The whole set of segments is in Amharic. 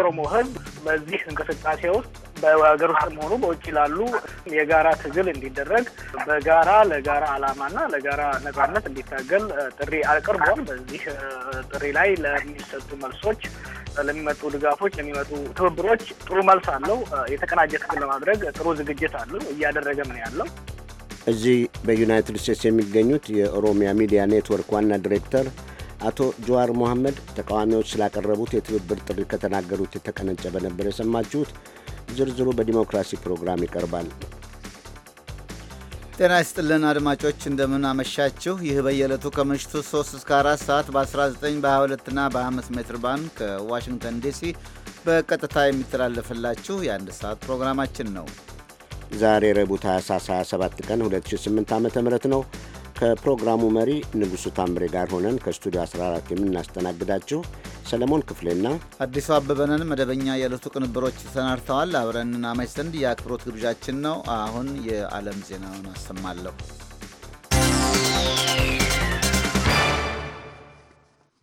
የኦሮሞ ህዝብ በዚህ እንቅስቃሴ ውስጥ በሀገር ውስጥ መሆኑ በውጭ ላሉ የጋራ ትግል እንዲደረግ በጋራ ለጋራ አላማና ለጋራ ነጻነት እንዲታገል ጥሪ አቅርቧል። በዚህ ጥሪ ላይ ለሚሰጡ መልሶች፣ ለሚመጡ ድጋፎች፣ ለሚመጡ ትብብሮች ጥሩ መልስ አለው። የተቀናጀ ትግል ለማድረግ ጥሩ ዝግጅት አለው። እያደረገም ነው ያለው። እዚህ በዩናይትድ ስቴትስ የሚገኙት የኦሮሚያ ሚዲያ ኔትወርክ ዋና ዲሬክተር አቶ ጀዋር መሐመድ ተቃዋሚዎች ስላቀረቡት የትብብር ጥሪ ከተናገሩት የተቀነጨበ ነበር የሰማችሁት። ዝርዝሩ በዲሞክራሲ ፕሮግራም ይቀርባል። ጤና ይስጥልን አድማጮች፣ እንደምን አመሻችሁ። ይህ በየዕለቱ ከምሽቱ 3 እስከ 4 ሰዓት በ19 በ22ና በ25 ሜትር ባንድ ከዋሽንግተን ዲሲ በቀጥታ የሚተላለፍላችሁ የአንድ ሰዓት ፕሮግራማችን ነው። ዛሬ ረቡዕ ታህሳስ 27 ቀን 2008 ዓ ም ነው። ከፕሮግራሙ መሪ ንጉሡ ታምሬ ጋር ሆነን ከስቱዲዮ 14 የምናስተናግዳችሁ ሰለሞን ክፍሌና አዲሱ አበበንን መደበኛ የዕለቱ ቅንብሮች ተሰናድተዋል። አብረን እናመሽ ዘንድ የአክብሮት ግብዣችን ነው። አሁን የዓለም ዜናውን አሰማለሁ።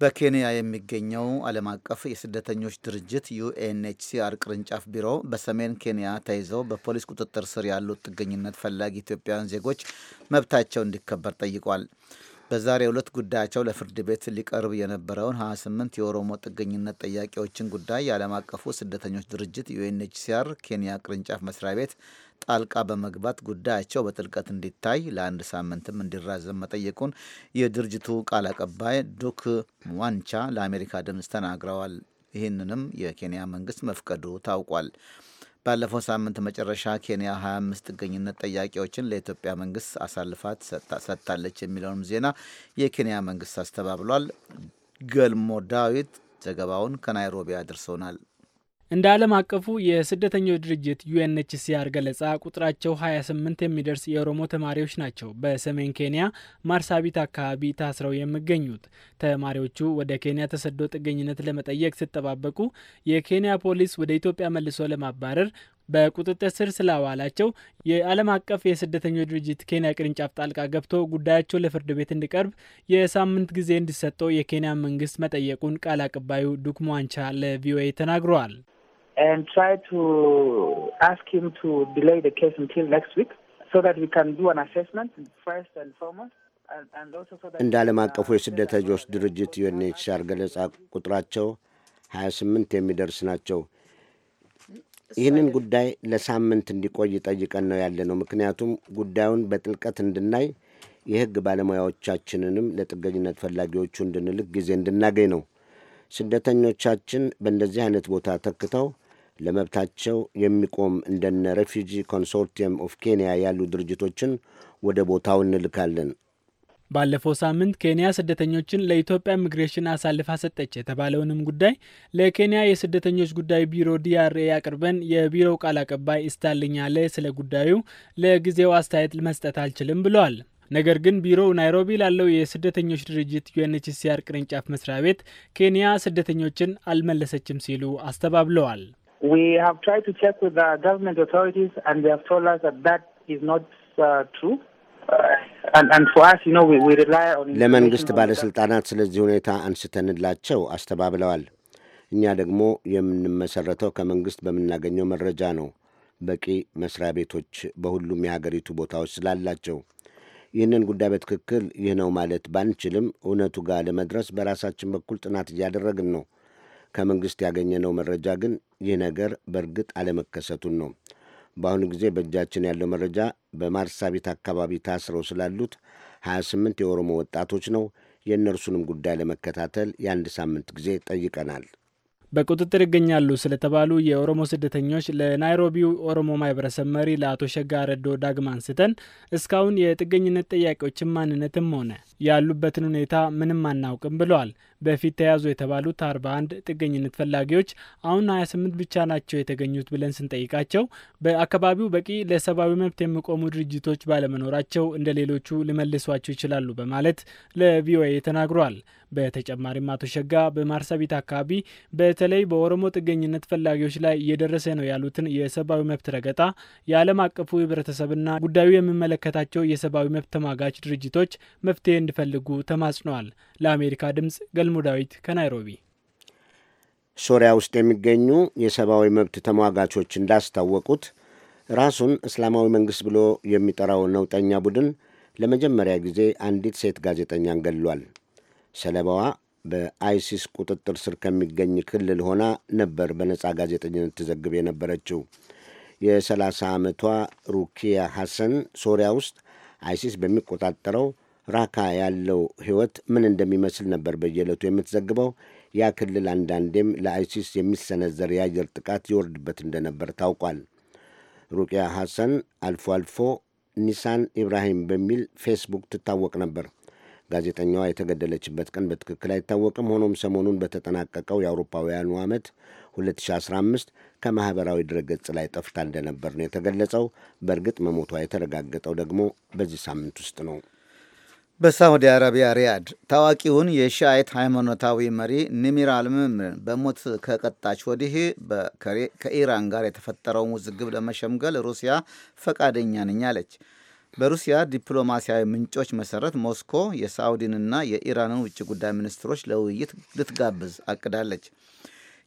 በኬንያ የሚገኘው ዓለም አቀፍ የስደተኞች ድርጅት ዩኤንኤችሲአር ቅርንጫፍ ቢሮ በሰሜን ኬንያ ተይዘው በፖሊስ ቁጥጥር ስር ያሉት ጥገኝነት ፈላጊ ኢትዮጵያውያን ዜጎች መብታቸው እንዲከበር ጠይቋል። በዛሬ ዕለት ጉዳያቸው ለፍርድ ቤት ሊቀርብ የነበረውን 28 የኦሮሞ ጥገኝነት ጠያቂዎችን ጉዳይ የዓለም አቀፉ ስደተኞች ድርጅት ዩኤንኤችሲአር ኬንያ ቅርንጫፍ መስሪያ ቤት ጣልቃ በመግባት ጉዳያቸው በጥልቀት እንዲታይ ለአንድ ሳምንትም እንዲራዘም መጠየቁን የድርጅቱ ቃል አቀባይ ዱክ ዋንቻ ለአሜሪካ ድምፅ ተናግረዋል። ይህንንም የኬንያ መንግስት መፍቀዱ ታውቋል። ባለፈው ሳምንት መጨረሻ ኬንያ 25 ጥገኝነት ጥያቄዎችን ለኢትዮጵያ መንግስት አሳልፋት ሰጥታለች የሚለውንም ዜና የኬንያ መንግስት አስተባብሏል። ገልሞ ዳዊት ዘገባውን ከናይሮቢ አድርሶናል። እንደ ዓለም አቀፉ የስደተኞች ድርጅት ዩኤንኤችሲአር ገለጻ ቁጥራቸው 28 የሚደርስ የኦሮሞ ተማሪዎች ናቸው በሰሜን ኬንያ ማርሳቢት አካባቢ ታስረው የሚገኙት። ተማሪዎቹ ወደ ኬንያ ተሰዶ ጥገኝነት ለመጠየቅ ሲጠባበቁ የኬንያ ፖሊስ ወደ ኢትዮጵያ መልሶ ለማባረር በቁጥጥር ስር ስላዋላቸው የዓለም አቀፍ የስደተኞች ድርጅት ኬንያ ቅርንጫፍ ጣልቃ ገብቶ ጉዳያቸው ለፍርድ ቤት እንዲቀርብ የሳምንት ጊዜ እንዲሰጠው የኬንያ መንግስት መጠየቁን ቃል አቀባዩ ዱክሞ አንቻ ለቪኦኤ ተናግረዋል። and try to ask him to delay the case until next week so that we can do an assessment first and foremost. እንደ ዓለም አቀፉ የስደተኞች ድርጅት ዩኤንኤችሲአር ገለጻ ቁጥራቸው 28 የሚደርስ ናቸው። ይህንን ጉዳይ ለሳምንት እንዲቆይ ጠይቀን ነው ያለ ነው። ምክንያቱም ጉዳዩን በጥልቀት እንድናይ የሕግ ባለሙያዎቻችንንም ለጥገኝነት ፈላጊዎቹ እንድንልክ ጊዜ እንድናገኝ ነው። ስደተኞቻችን በእንደዚህ አይነት ቦታ ተክተው ለመብታቸው የሚቆም እንደነ ሬፊጂ ኮንሶርቲየም ኦፍ ኬንያ ያሉ ድርጅቶችን ወደ ቦታው እንልካለን። ባለፈው ሳምንት ኬንያ ስደተኞችን ለኢትዮጵያ ኢሚግሬሽን አሳልፋ ሰጠች የተባለውንም ጉዳይ ለኬንያ የስደተኞች ጉዳይ ቢሮ ዲአርኤ አቅርበን የቢሮው ቃል አቀባይ እስታልኛለ ስለ ጉዳዩ ለጊዜው አስተያየት መስጠት አልችልም ብለዋል። ነገር ግን ቢሮው ናይሮቢ ላለው የስደተኞች ድርጅት ዩኤንኤችሲአር ቅርንጫፍ መስሪያ ቤት ኬንያ ስደተኞችን አልመለሰችም ሲሉ አስተባብለዋል። We have tried to check with the government authorities and they have told us that that is not uh, true. Uh, ለመንግስት ባለሥልጣናት ስለዚህ ሁኔታ አንስተንላቸው አስተባብለዋል። እኛ ደግሞ የምንመሠረተው ከመንግሥት በምናገኘው መረጃ ነው፣ በቂ መሥሪያ ቤቶች በሁሉም የሀገሪቱ ቦታዎች ስላላቸው። ይህንን ጉዳይ በትክክል ይህ ነው ማለት ባንችልም እውነቱ ጋር ለመድረስ በራሳችን በኩል ጥናት እያደረግን ነው። ከመንግሥት ያገኘነው መረጃ ግን ይህ ነገር በእርግጥ አለመከሰቱን ነው። በአሁኑ ጊዜ በእጃችን ያለው መረጃ በማርሳቢት አካባቢ ታስረው ስላሉት 28 የኦሮሞ ወጣቶች ነው። የእነርሱንም ጉዳይ ለመከታተል የአንድ ሳምንት ጊዜ ጠይቀናል። በቁጥጥር ይገኛሉ ስለተባሉ የኦሮሞ ስደተኞች ለናይሮቢው ኦሮሞ ማህበረሰብ መሪ ለአቶ ሸጋ ረዶ ዳግማ አንስተን እስካሁን የጥገኝነት ጥያቄዎችን ማንነትም ሆነ ያሉበትን ሁኔታ ምንም አናውቅም ብለዋል። በፊት ተያዙ የተባሉት አንድ ጥገኝነት ፈላጊዎች አሁን ስምንት ብቻ ናቸው የተገኙት ብለን ስንጠይቃቸው በአካባቢው በቂ ለሰብአዊ መብት የሚቆሙ ድርጅቶች ባለመኖራቸው እንደ ሌሎቹ ሊመልሷቸው ይችላሉ በማለት ለቪኦኤ ተናግሯል። በተጨማሪም አቶ ሸጋ በማርሰቢት አካባቢ በተለይ በኦሮሞ ጥገኝነት ፈላጊዎች ላይ እየደረሰ ነው ያሉትን የሰብአዊ መብት ረገጣ የዓለም አቀፉ ህብረተሰብና ጉዳዩ የሚመለከታቸው የሰብአዊ መብት ተሟጋች ድርጅቶች መፍትሄ እንዲፈልጉ ተማጽነዋል። ለአሜሪካ ድምፅ ገልሞ ዳዊት ከናይሮቢ። ሶሪያ ውስጥ የሚገኙ የሰብአዊ መብት ተሟጋቾች እንዳስታወቁት ራሱን እስላማዊ መንግሥት ብሎ የሚጠራው ነውጠኛ ቡድን ለመጀመሪያ ጊዜ አንዲት ሴት ጋዜጠኛን ገድሏል። ሰለባዋ በአይሲስ ቁጥጥር ስር ከሚገኝ ክልል ሆና ነበር በነጻ ጋዜጠኝነት ትዘግብ የነበረችው። የ30 ዓመቷ ሩኪያ ሐሰን ሶሪያ ውስጥ አይሲስ በሚቆጣጠረው ራካ ያለው ሕይወት ምን እንደሚመስል ነበር በየዕለቱ የምትዘግበው። ያ ክልል አንዳንዴም ለአይሲስ የሚሰነዘር የአየር ጥቃት ይወርድበት እንደነበር ታውቋል። ሩቅያ ሐሰን አልፎ አልፎ ኒሳን ኢብራሂም በሚል ፌስቡክ ትታወቅ ነበር። ጋዜጠኛዋ የተገደለችበት ቀን በትክክል አይታወቅም። ሆኖም ሰሞኑን በተጠናቀቀው የአውሮፓውያኑ ዓመት 2015 ከማኅበራዊ ድረገጽ ላይ ጠፍታ እንደነበር ነው የተገለጸው። በእርግጥ መሞቷ የተረጋገጠው ደግሞ በዚህ ሳምንት ውስጥ ነው። በሳዑዲ አረቢያ ሪያድ ታዋቂውን የሻይት ሃይማኖታዊ መሪ ኒሚር አልሙምን በሞት ከቀጣች ወዲህ ከኢራን ጋር የተፈጠረውን ውዝግብ ለመሸምገል ሩሲያ ፈቃደኛ ነኝ አለች። በሩሲያ ዲፕሎማሲያዊ ምንጮች መሰረት ሞስኮ የሳዑዲንና የኢራንን ውጭ ጉዳይ ሚኒስትሮች ለውይይት ልትጋብዝ አቅዳለች።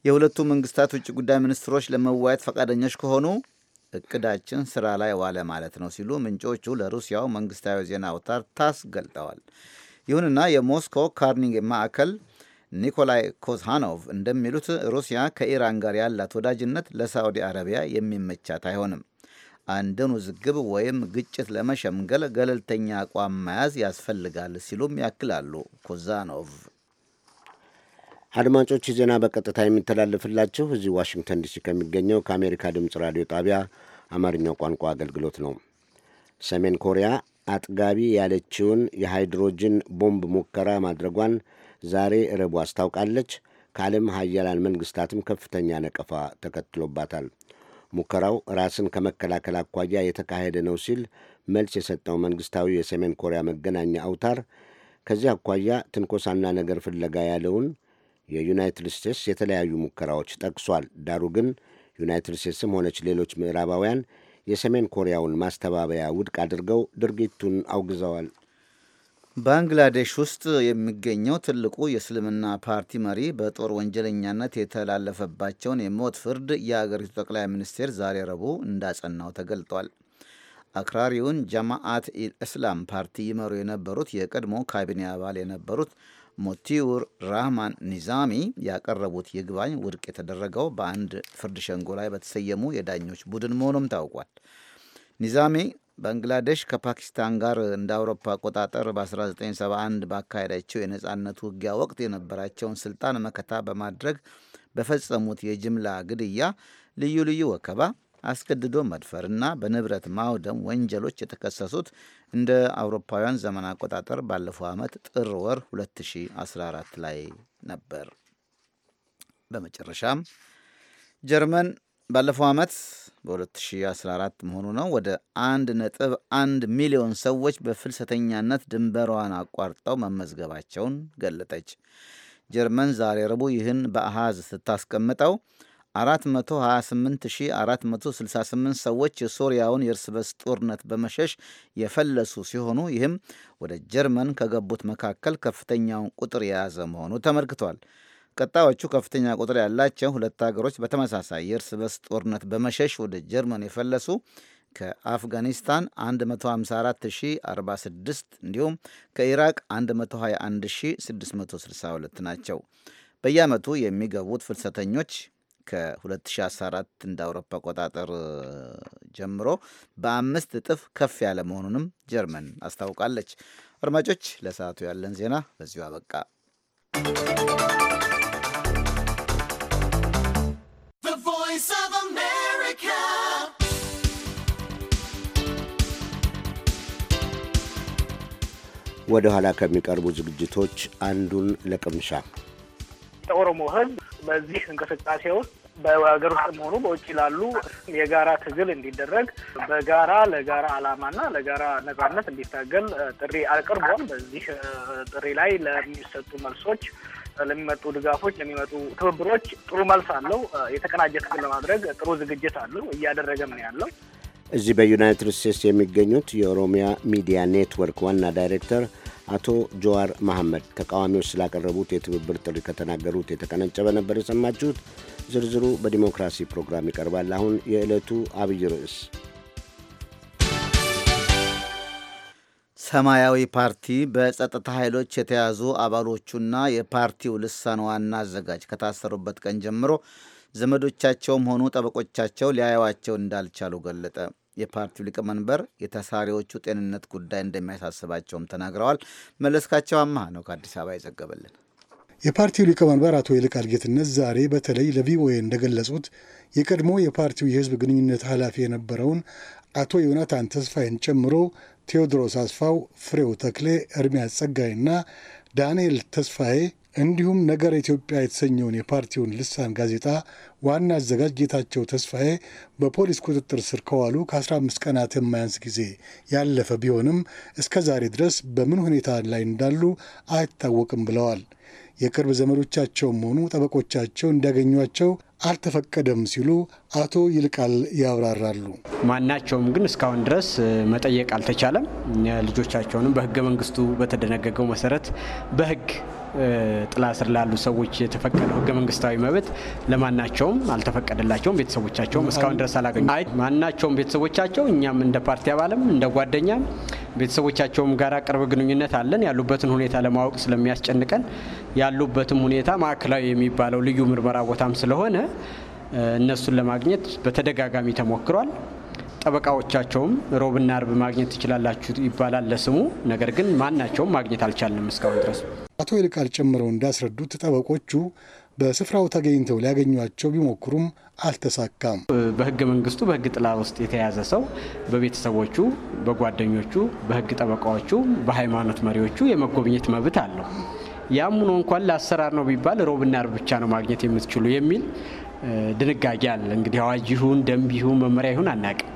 የሁለቱ መንግስታት ውጭ ጉዳይ ሚኒስትሮች ለመዋየት ፈቃደኞች ከሆኑ እቅዳችን ስራ ላይ ዋለ ማለት ነው ሲሉ ምንጮቹ ለሩሲያው መንግስታዊ ዜና አውታር ታስ ገልጠዋል። ይሁንና የሞስኮ ካርኒግ ማዕከል ኒኮላይ ኮዝሃኖቭ እንደሚሉት ሩሲያ ከኢራን ጋር ያላት ወዳጅነት ለሳዑዲ አረቢያ የሚመቻት አይሆንም። አንድን ውዝግብ ወይም ግጭት ለመሸምገል ገለልተኛ አቋም መያዝ ያስፈልጋል ሲሉም ያክላሉ ኮዛኖቭ። አድማጮች ዜና በቀጥታ የሚተላለፍላችሁ እዚህ ዋሽንግተን ዲሲ ከሚገኘው ከአሜሪካ ድምፅ ራዲዮ ጣቢያ አማርኛው ቋንቋ አገልግሎት ነው። ሰሜን ኮሪያ አጥጋቢ ያለችውን የሃይድሮጅን ቦምብ ሙከራ ማድረጓን ዛሬ ረቡ አስታውቃለች። ከዓለም ሀያላን መንግስታትም ከፍተኛ ነቀፋ ተከትሎባታል። ሙከራው ራስን ከመከላከል አኳያ የተካሄደ ነው ሲል መልስ የሰጠው መንግስታዊ የሰሜን ኮሪያ መገናኛ አውታር ከዚህ አኳያ ትንኮሳና ነገር ፍለጋ ያለውን የዩናይትድ ስቴትስ የተለያዩ ሙከራዎች ጠቅሷል። ዳሩ ግን ዩናይትድ ስቴትስም ሆነች ሌሎች ምዕራባውያን የሰሜን ኮሪያውን ማስተባበያ ውድቅ አድርገው ድርጊቱን አውግዘዋል። ባንግላዴሽ ውስጥ የሚገኘው ትልቁ የእስልምና ፓርቲ መሪ በጦር ወንጀለኛነት የተላለፈባቸውን የሞት ፍርድ የአገሪቱ ጠቅላይ ሚኒስቴር ዛሬ ረቡዕ እንዳጸናው ተገልጧል። አክራሪውን ጀማአት ኢስላም ፓርቲ ይመሩ የነበሩት የቀድሞ ካቢኔ አባል የነበሩት ሞቲውር ራህማን ኒዛሚ ያቀረቡት ይግባኝ ውድቅ የተደረገው በአንድ ፍርድ ሸንጎ ላይ በተሰየሙ የዳኞች ቡድን መሆኑም ታውቋል። ኒዛሚ ባንግላዴሽ ከፓኪስታን ጋር እንደ አውሮፓ አቆጣጠር በ1971 ባካሄዳቸው የነጻነት ውጊያ ወቅት የነበራቸውን ስልጣን መከታ በማድረግ በፈጸሙት የጅምላ ግድያ፣ ልዩ ልዩ ወከባ አስገድዶ መድፈርና በንብረት ማውደም ወንጀሎች የተከሰሱት እንደ አውሮፓውያን ዘመን አቆጣጠር ባለፈው ዓመት ጥር ወር 2014 ላይ ነበር። በመጨረሻም ጀርመን ባለፈው ዓመት በ2014 መሆኑ ነው ወደ አንድ ነጥብ አንድ ሚሊዮን ሰዎች በፍልሰተኛነት ድንበሯን አቋርጠው መመዝገባቸውን ገለጠች። ጀርመን ዛሬ ረቡዕ ይህን በአሃዝ ስታስቀምጠው 428468 ሰዎች የሶሪያውን የእርስ በርስ ጦርነት በመሸሽ የፈለሱ ሲሆኑ ይህም ወደ ጀርመን ከገቡት መካከል ከፍተኛውን ቁጥር የያዘ መሆኑ ተመልክቷል። ቀጣዮቹ ከፍተኛ ቁጥር ያላቸው ሁለት ሀገሮች በተመሳሳይ የእርስ በርስ ጦርነት በመሸሽ ወደ ጀርመን የፈለሱ ከአፍጋኒስታን 154046 እንዲሁም ከኢራቅ 121662 ናቸው። በየዓመቱ የሚገቡት ፍልሰተኞች ከ2014 እንደ አውሮፓ አቆጣጠር ጀምሮ በአምስት እጥፍ ከፍ ያለ መሆኑንም ጀርመን አስታውቃለች። አድማጮች፣ ለሰዓቱ ያለን ዜና በዚሁ አበቃ። ወደ ኋላ ከሚቀርቡ ዝግጅቶች አንዱን ለቅምሻ የኦሮሞ ህዝብ በዚህ እንቅስቃሴ ውስጥ በሀገር ውስጥ መሆኑ በውጭ ላሉ የጋራ ትግል እንዲደረግ በጋራ ለጋራ አላማና ለጋራ ነጻነት እንዲታገል ጥሪ አቅርቧል። በዚህ ጥሪ ላይ ለሚሰጡ መልሶች፣ ለሚመጡ ድጋፎች፣ ለሚመጡ ትብብሮች ጥሩ መልስ አለው። የተቀናጀ ትግል ለማድረግ ጥሩ ዝግጅት አለው። እያደረገም ነው ያለው። እዚህ በዩናይትድ ስቴትስ የሚገኙት የኦሮሚያ ሚዲያ ኔትወርክ ዋና ዳይሬክተር አቶ ጀዋር መሐመድ ተቃዋሚዎች ስላቀረቡት የትብብር ጥሪ ከተናገሩት የተቀነጨበ ነበር የሰማችሁት። ዝርዝሩ በዲሞክራሲ ፕሮግራም ይቀርባል። አሁን የዕለቱ አብይ ርዕስ ሰማያዊ ፓርቲ በጸጥታ ኃይሎች የተያዙ አባሎቹና የፓርቲው ልሳን ዋና አዘጋጅ ከታሰሩበት ቀን ጀምሮ ዘመዶቻቸውም ሆኑ ጠበቆቻቸው ሊያዩዋቸው እንዳልቻሉ ገለጠ። የፓርቲው ሊቀመንበር የታሳሪዎቹ ጤንነት ጉዳይ እንደሚያሳስባቸውም ተናግረዋል። መለስካቸው አማሃ ነው ከአዲስ አበባ የዘገበልን። የፓርቲው ሊቀመንበር አቶ ይልቃል ጌትነት ዛሬ በተለይ ለቪኦኤ እንደገለጹት የቀድሞ የፓርቲው የህዝብ ግንኙነት ኃላፊ የነበረውን አቶ ዮናታን ተስፋዬን ጨምሮ ቴዎድሮስ አስፋው፣ ፍሬው ተክሌ፣ እርሚያስ ጸጋይና ዳንኤል ተስፋዬ እንዲሁም ነገር ኢትዮጵያ የተሰኘውን የፓርቲውን ልሳን ጋዜጣ ዋና አዘጋጅ ጌታቸው ተስፋዬ በፖሊስ ቁጥጥር ስር ከዋሉ ከ15 ቀናት የማያንስ ጊዜ ያለፈ ቢሆንም እስከ ዛሬ ድረስ በምን ሁኔታ ላይ እንዳሉ አይታወቅም ብለዋል። የቅርብ ዘመዶቻቸውም ሆኑ ጠበቆቻቸው እንዲያገኟቸው አልተፈቀደም ሲሉ አቶ ይልቃል ያብራራሉ። ማናቸውም ግን እስካሁን ድረስ መጠየቅ አልተቻለም። ልጆቻቸውንም በህገ መንግስቱ በተደነገገው መሰረት በህግ። ጥላ ስር ላሉ ሰዎች የተፈቀደው ህገ መንግስታዊ መብት ለማናቸውም አልተፈቀደላቸውም። ቤተሰቦቻቸውም እስካሁን ድረስ አላገኙ። ማናቸውም ቤተሰቦቻቸው እኛም እንደ ፓርቲ አባልም እንደ ጓደኛም ቤተሰቦቻቸውም ጋር ቅርብ ግንኙነት አለን። ያሉበትን ሁኔታ ለማወቅ ስለሚያስጨንቀን ያሉበትም ሁኔታ ማዕከላዊ የሚባለው ልዩ ምርመራ ቦታም ስለሆነ እነሱን ለማግኘት በተደጋጋሚ ተሞክሯል። ጠበቃዎቻቸውም ሮብና አርብ ማግኘት ትችላላችሁ ይባላል ለስሙ። ነገር ግን ማናቸውም ማግኘት አልቻልንም እስካሁን ድረስ። አቶ ይልቃል ጨምረው እንዳስረዱት ጠበቆቹ በስፍራው ተገኝተው ሊያገኟቸው ቢሞክሩም አልተሳካም። በህገ መንግስቱ በህግ ጥላ ውስጥ የተያዘ ሰው በቤተሰቦቹ፣ በጓደኞቹ፣ በህግ ጠበቃዎቹ፣ በሃይማኖት መሪዎቹ የመጎብኘት መብት አለው። ያም ሆኖ እንኳን ለአሰራር ነው ቢባል ሮብና አርብ ብቻ ነው ማግኘት የምትችሉ የሚል ድንጋጌ አለ። እንግዲህ አዋጅ ይሁን ደንብ ይሁን መመሪያ ይሁን አናውቅም።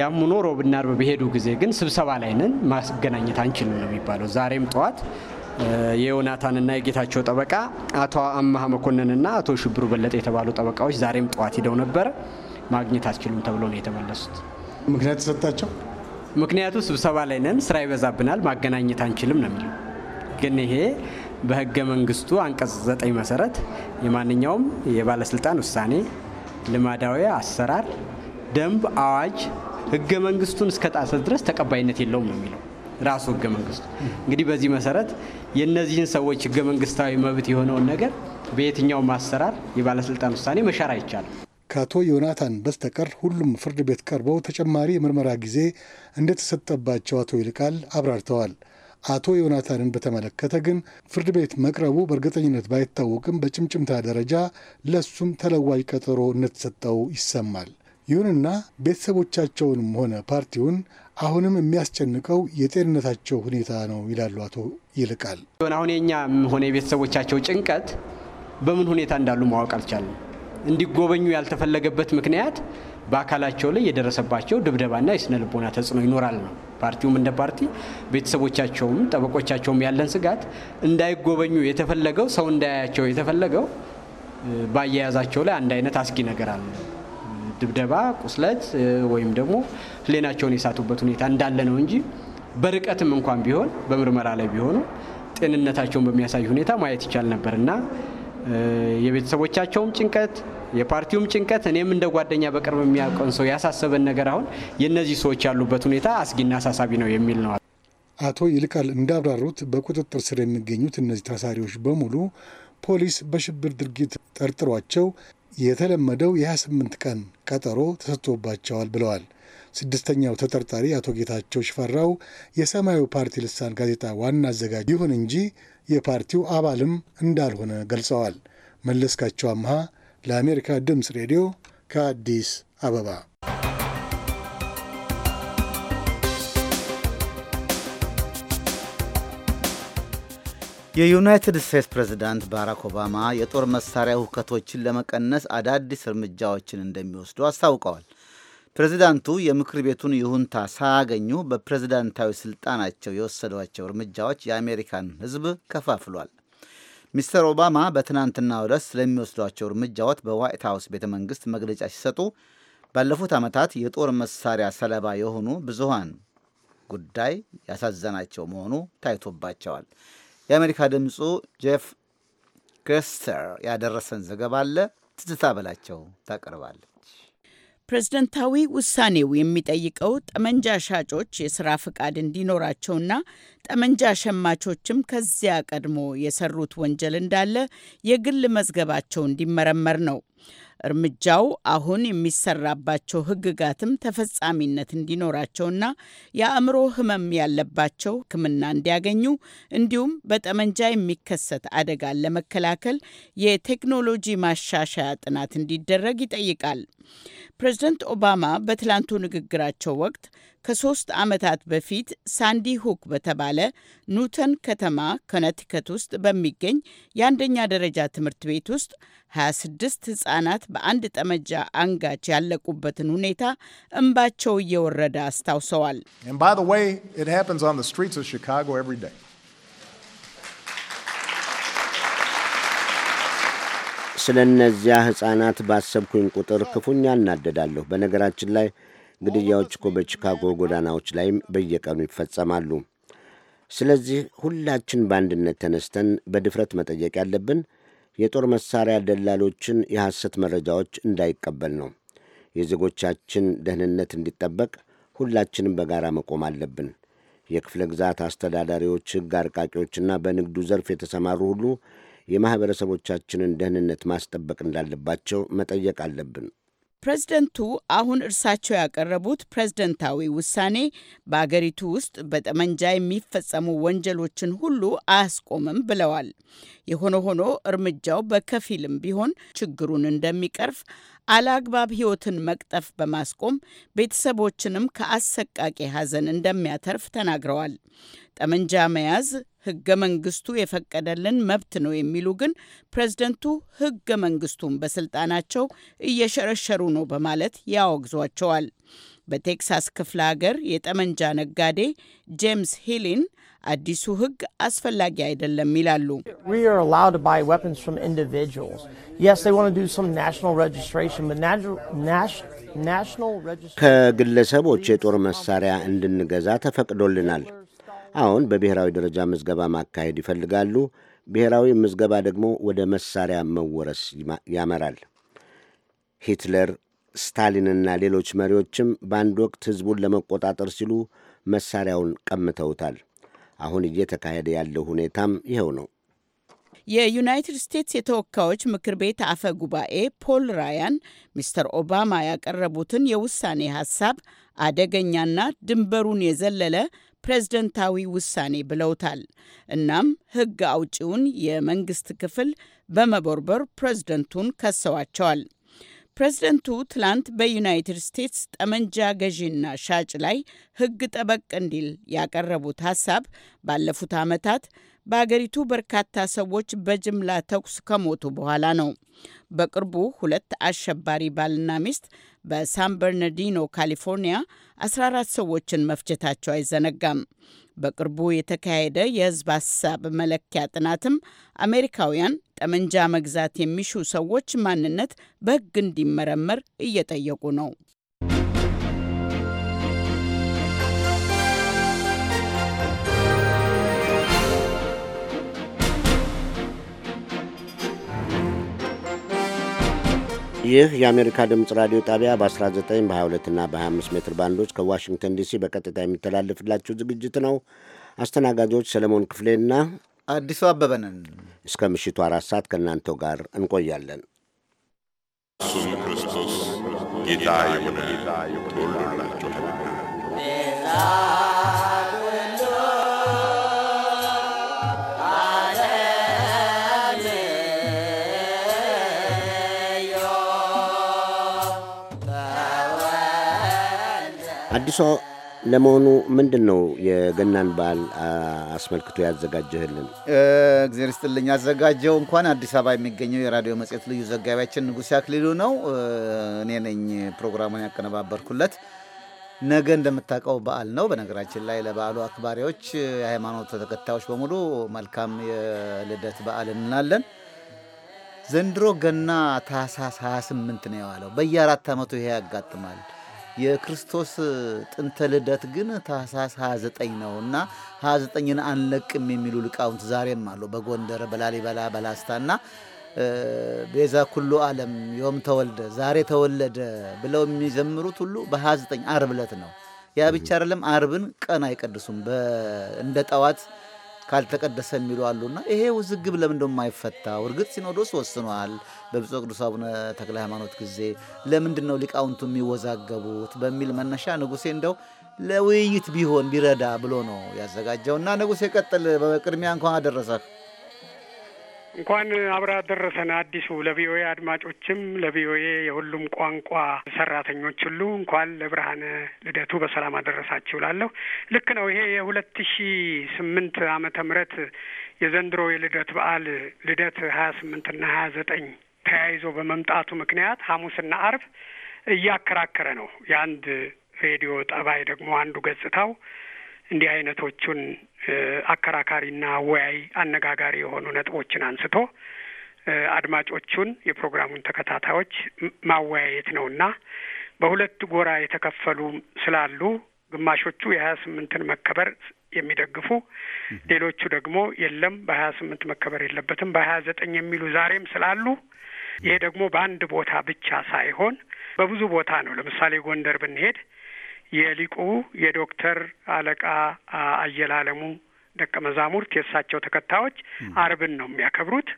ያም ሆኖ ሮብና አርብ በሄዱ ጊዜ ግን ስብሰባ ላይ ነን ማገናኘት አንችልም ነው የሚባለው። ዛሬም ጠዋት የዮናታንና የጌታቸው ጠበቃ አቶ አማሀ መኮንንና አቶ ሽብሩ በለጠ የተባሉ ጠበቃዎች ዛሬም ጠዋት ሂደው ነበረ። ማግኘት አትችሉም ተብሎ ነው የተመለሱት። ምክንያት ተሰጣቸው። ምክንያቱ ስብሰባ ላይ ነን፣ ስራ ይበዛብናል፣ ማገናኘት አንችልም ነው የሚለው። ግን ይሄ በህገ መንግስቱ አንቀጽ ዘጠኝ መሰረት የማንኛውም የባለስልጣን ውሳኔ፣ ልማዳዊ አሰራር፣ ደንብ፣ አዋጅ ህገ መንግስቱን እስከ ጣሰ ድረስ ተቀባይነት የለውም ነው የሚለው። ራሱ ህገ መንግስቱ። እንግዲህ በዚህ መሰረት የእነዚህን ሰዎች ህገ መንግስታዊ መብት የሆነውን ነገር በየትኛውም ማሰራር የባለስልጣን ውሳኔ መሻር አይቻልም። ከአቶ ዮናታን በስተቀር ሁሉም ፍርድ ቤት ቀርበው ተጨማሪ የምርመራ ጊዜ እንደተሰጠባቸው አቶ ይልቃል አብራርተዋል። አቶ ዮናታንን በተመለከተ ግን ፍርድ ቤት መቅረቡ በእርግጠኝነት ባይታወቅም በጭምጭምታ ደረጃ ለሱም ተለዋጭ ቀጠሮ እንደተሰጠው ይሰማል። ይሁንና ቤተሰቦቻቸውንም ሆነ ፓርቲውን አሁንም የሚያስጨንቀው የጤንነታቸው ሁኔታ ነው ይላሉ አቶ ይልቃል። አሁን የእኛም ሆነ የቤተሰቦቻቸው ጭንቀት በምን ሁኔታ እንዳሉ ማወቅ አልቻለም። እንዲጎበኙ ያልተፈለገበት ምክንያት በአካላቸው ላይ የደረሰባቸው ድብደባና የስነ ልቦና ተጽዕኖ ይኖራል ነው። ፓርቲውም እንደ ፓርቲ ቤተሰቦቻቸውም ጠበቆቻቸውም ያለን ስጋት እንዳይጎበኙ የተፈለገው ሰው እንዳያያቸው የተፈለገው በአያያዛቸው ላይ አንድ አይነት አስጊ ነገር አለ። ድብደባ፣ ቁስለት ወይም ደግሞ ህሌናቸውን የሳቱበት ሁኔታ እንዳለ ነው እንጂ በርቀትም እንኳን ቢሆን በምርመራ ላይ ቢሆኑ ጤንነታቸውን በሚያሳይ ሁኔታ ማየት ይቻል ነበር እና የቤተሰቦቻቸውም ጭንቀት የፓርቲውም ጭንቀት እኔም እንደ ጓደኛ በቅርብ የሚያውቀን ሰው ያሳሰበን ነገር አሁን የእነዚህ ሰዎች ያሉበት ሁኔታ አስጊና አሳሳቢ ነው የሚል ነው። አቶ ይልቃል እንዳብራሩት በቁጥጥር ስር የሚገኙት እነዚህ ታሳሪዎች በሙሉ ፖሊስ በሽብር ድርጊት ጠርጥሯቸው የተለመደው የ28 ቀን ቀጠሮ ተሰጥቶባቸዋል ብለዋል። ስድስተኛው ተጠርጣሪ አቶ ጌታቸው ሽፈራው የሰማያዊ ፓርቲ ልሳን ጋዜጣ ዋና አዘጋጅ ይሁን እንጂ የፓርቲው አባልም እንዳልሆነ ገልጸዋል። መለስካቸው አምሃ ለአሜሪካ ድምፅ ሬዲዮ ከአዲስ አበባ የዩናይትድ ስቴትስ ፕሬዝዳንት ባራክ ኦባማ የጦር መሳሪያ ሁከቶችን ለመቀነስ አዳዲስ እርምጃዎችን እንደሚወስዱ አስታውቀዋል። ፕሬዝዳንቱ የምክር ቤቱን ይሁንታ ሳያገኙ በፕሬዝዳንታዊ ስልጣናቸው የወሰዷቸው እርምጃዎች የአሜሪካን ሕዝብ ከፋፍሏል። ሚስተር ኦባማ በትናንትና ዕለት ስለሚወስዷቸው እርምጃዎች በዋይት ሀውስ ቤተ መንግስት መግለጫ ሲሰጡ ባለፉት ዓመታት የጦር መሳሪያ ሰለባ የሆኑ ብዙሃን ጉዳይ ያሳዘናቸው መሆኑ ታይቶባቸዋል። የአሜሪካ ድምፁ ጄፍ ገስተር ያደረሰን ዘገባ አለ። ትዝታ በላቸው ታቀርባለች። ፕሬዝደንታዊ ውሳኔው የሚጠይቀው ጠመንጃ ሻጮች የስራ ፍቃድ እንዲኖራቸውና ጠመንጃ ሸማቾችም ከዚያ ቀድሞ የሰሩት ወንጀል እንዳለ የግል መዝገባቸው እንዲመረመር ነው። እርምጃው አሁን የሚሰራባቸው ህግጋትም ተፈጻሚነት እንዲኖራቸውና የአእምሮ ህመም ያለባቸው ሕክምና እንዲያገኙ እንዲሁም በጠመንጃ የሚከሰት አደጋን ለመከላከል የቴክኖሎጂ ማሻሻያ ጥናት እንዲደረግ ይጠይቃል። ፕሬዝደንት ኦባማ በትላንቱ ንግግራቸው ወቅት ከሶስት ዓመታት በፊት ሳንዲ ሁክ በተባለ ኑተን ከተማ ከነቲከት ውስጥ በሚገኝ የአንደኛ ደረጃ ትምህርት ቤት ውስጥ 26 ሕፃናት በአንድ ጠመጃ አንጋች ያለቁበትን ሁኔታ እንባቸው እየወረደ አስታውሰዋል። ስለ እነዚያ ሕፃናት ባሰብኩኝ ቁጥር ክፉኛ እናደዳለሁ። በነገራችን ላይ ግድያዎች እኮ በቺካጎ ጎዳናዎች ላይም በየቀኑ ይፈጸማሉ። ስለዚህ ሁላችን በአንድነት ተነስተን በድፍረት መጠየቅ ያለብን የጦር መሳሪያ ደላሎችን የሐሰት መረጃዎች እንዳይቀበል ነው። የዜጎቻችን ደህንነት እንዲጠበቅ ሁላችንም በጋራ መቆም አለብን። የክፍለ ግዛት አስተዳዳሪዎች፣ ሕግ አርቃቂዎችና በንግዱ ዘርፍ የተሰማሩ ሁሉ የማኅበረሰቦቻችንን ደህንነት ማስጠበቅ እንዳለባቸው መጠየቅ አለብን። ፕሬዝደንቱ አሁን እርሳቸው ያቀረቡት ፕሬዝደንታዊ ውሳኔ በአገሪቱ ውስጥ በጠመንጃ የሚፈጸሙ ወንጀሎችን ሁሉ አያስቆምም ብለዋል። የሆነ ሆኖ እርምጃው በከፊልም ቢሆን ችግሩን እንደሚቀርፍ አላግባብ ሕይወትን መቅጠፍ በማስቆም ቤተሰቦችንም ከአሰቃቂ ሐዘን እንደሚያተርፍ ተናግረዋል። ጠመንጃ መያዝ ህገ መንግስቱ የፈቀደልን መብት ነው የሚሉ ግን ፕሬዝደንቱ ህገ መንግስቱን በስልጣናቸው እየሸረሸሩ ነው በማለት ያወግዟቸዋል። በቴክሳስ ክፍለ ሀገር የጠመንጃ ነጋዴ ጄምስ ሂሊን አዲሱ ህግ አስፈላጊ አይደለም ይላሉ። ከግለሰቦች የጦር መሳሪያ እንድንገዛ ተፈቅዶልናል። አሁን በብሔራዊ ደረጃ ምዝገባ ማካሄድ ይፈልጋሉ። ብሔራዊ ምዝገባ ደግሞ ወደ መሳሪያ መወረስ ያመራል። ሂትለር፣ ስታሊንና ሌሎች መሪዎችም በአንድ ወቅት ሕዝቡን ለመቆጣጠር ሲሉ መሳሪያውን ቀምተውታል። አሁን እየተካሄደ ያለው ሁኔታም ይኸው ነው። የዩናይትድ ስቴትስ የተወካዮች ምክር ቤት አፈ ጉባኤ ፖል ራያን ሚስተር ኦባማ ያቀረቡትን የውሳኔ ሀሳብ አደገኛና ድንበሩን የዘለለ ፕሬዝደንታዊ ውሳኔ ብለውታል። እናም ሕግ አውጪውን የመንግስት ክፍል በመቦርበር ፕሬዝደንቱን ከሰዋቸዋል። ፕሬዝደንቱ ትላንት በዩናይትድ ስቴትስ ጠመንጃ ገዢና ሻጭ ላይ ህግ ጠበቅ እንዲል ያቀረቡት ሀሳብ ባለፉት ዓመታት በአገሪቱ በርካታ ሰዎች በጅምላ ተኩስ ከሞቱ በኋላ ነው። በቅርቡ ሁለት አሸባሪ ባልና ሚስት በሳን በርናርዲኖ ካሊፎርኒያ 14 ሰዎችን መፍጀታቸው አይዘነጋም። በቅርቡ የተካሄደ የህዝብ ሀሳብ መለኪያ ጥናትም አሜሪካውያን ጠመንጃ መግዛት የሚሹ ሰዎች ማንነት በህግ እንዲመረመር እየጠየቁ ነው። ይህ የአሜሪካ ድምፅ ራዲዮ ጣቢያ በ19 22 እና በ25 ሜትር ባንዶች ከዋሽንግተን ዲሲ በቀጥታ የሚተላለፍላችሁ ዝግጅት ነው። አስተናጋጆች ሰለሞን ክፍሌና አዲሱ አበበ ነን። እስከ ምሽቱ አራት ሰዓት ከእናንተው ጋር እንቆያለን። እሱም ክርስቶስ ጌታ የሆነ ተወልዶላችኋልና አዲሶ ለመሆኑ ምንድን ነው የገናን በዓል አስመልክቶ ያዘጋጀህልን? እግዚአብሔር ስጥልኝ። ያዘጋጀው እንኳን አዲስ አበባ የሚገኘው የራዲዮ መጽሔት ልዩ ዘጋቢያችን ንጉሴ አክሊሉ ነው። እኔ ነኝ ፕሮግራሙን ያቀነባበርኩለት። ነገ እንደምታውቀው በዓል ነው። በነገራችን ላይ ለበዓሉ አክባሪዎች፣ የሃይማኖት ተከታዮች በሙሉ መልካም የልደት በዓል እንላለን። ዘንድሮ ገና ታህሳስ 28 ነው የዋለው። በየአራት ዓመቱ ይሄ ያጋጥማል። የክርስቶስ ጥንተ ልደት ግን ታህሳስ 29 ነው እና 29ን አንለቅም የሚሉ ሊቃውንት ዛሬም አሉ። በጎንደር በላሊበላ በላስታና ቤዛ ኩሉ ዓለም ዮም ተወልደ ዛሬ ተወለደ ብለው የሚዘምሩት ሁሉ በ29 አርብ ዕለት ነው። ያ ብቻ አይደለም፣ አርብን ቀን አይቀድሱም እንደ ጠዋት ካልተቀደሰ የሚሉ አሉና ይሄ ውዝግብ ለምን አይፈታው? እርግጥ ሲኖዶስ ወስኗል። በብፁዕ ቅዱስ አቡነ ተክለ ሃይማኖት ጊዜ ለምንድን ነው ሊቃውንቱ የሚወዛገቡት በሚል መነሻ ንጉሴ እንደው ለውይይት ቢሆን ቢረዳ ብሎ ነው ያዘጋጀውና ንጉሴ ቀጥል። በቅድሚያ እንኳን አደረሰህ። እንኳን አብራ ደረሰን አዲሱ ለቪኦኤ አድማጮችም ለቪኦኤ የሁሉም ቋንቋ ሰራተኞች ሁሉ እንኳን ለብርሃነ ልደቱ በሰላም አደረሳችሁ ላለሁ። ልክ ነው። ይሄ የሁለት ሺ ስምንት ዓመተ ምህረት የዘንድሮ የልደት በዓል ልደት ሀያ ስምንትና ሀያ ዘጠኝ ተያይዞ በመምጣቱ ምክንያት ሐሙስና አርብ እያከራከረ ነው። የአንድ ሬዲዮ ጠባይ ደግሞ አንዱ ገጽታው እንዲህ አይነቶቹን አከራካሪና አወያይ አነጋጋሪ የሆኑ ነጥቦችን አንስቶ አድማጮቹን የፕሮግራሙን ተከታታዮች ማወያየት ነውና በሁለት ጎራ የተከፈሉ ስላሉ ግማሾቹ የሀያ ስምንትን መከበር የሚደግፉ ሌሎቹ ደግሞ የለም በሀያ ስምንት መከበር የለበትም በሀያ ዘጠኝ የሚሉ ዛሬም ስላሉ ይሄ ደግሞ በአንድ ቦታ ብቻ ሳይሆን በብዙ ቦታ ነው። ለምሳሌ ጎንደር ብንሄድ የሊቁ የዶክተር አለቃ አየለ አለሙ ደቀ መዛሙርት የእሳቸው ተከታዮች አርብን ነው የሚያከብሩት።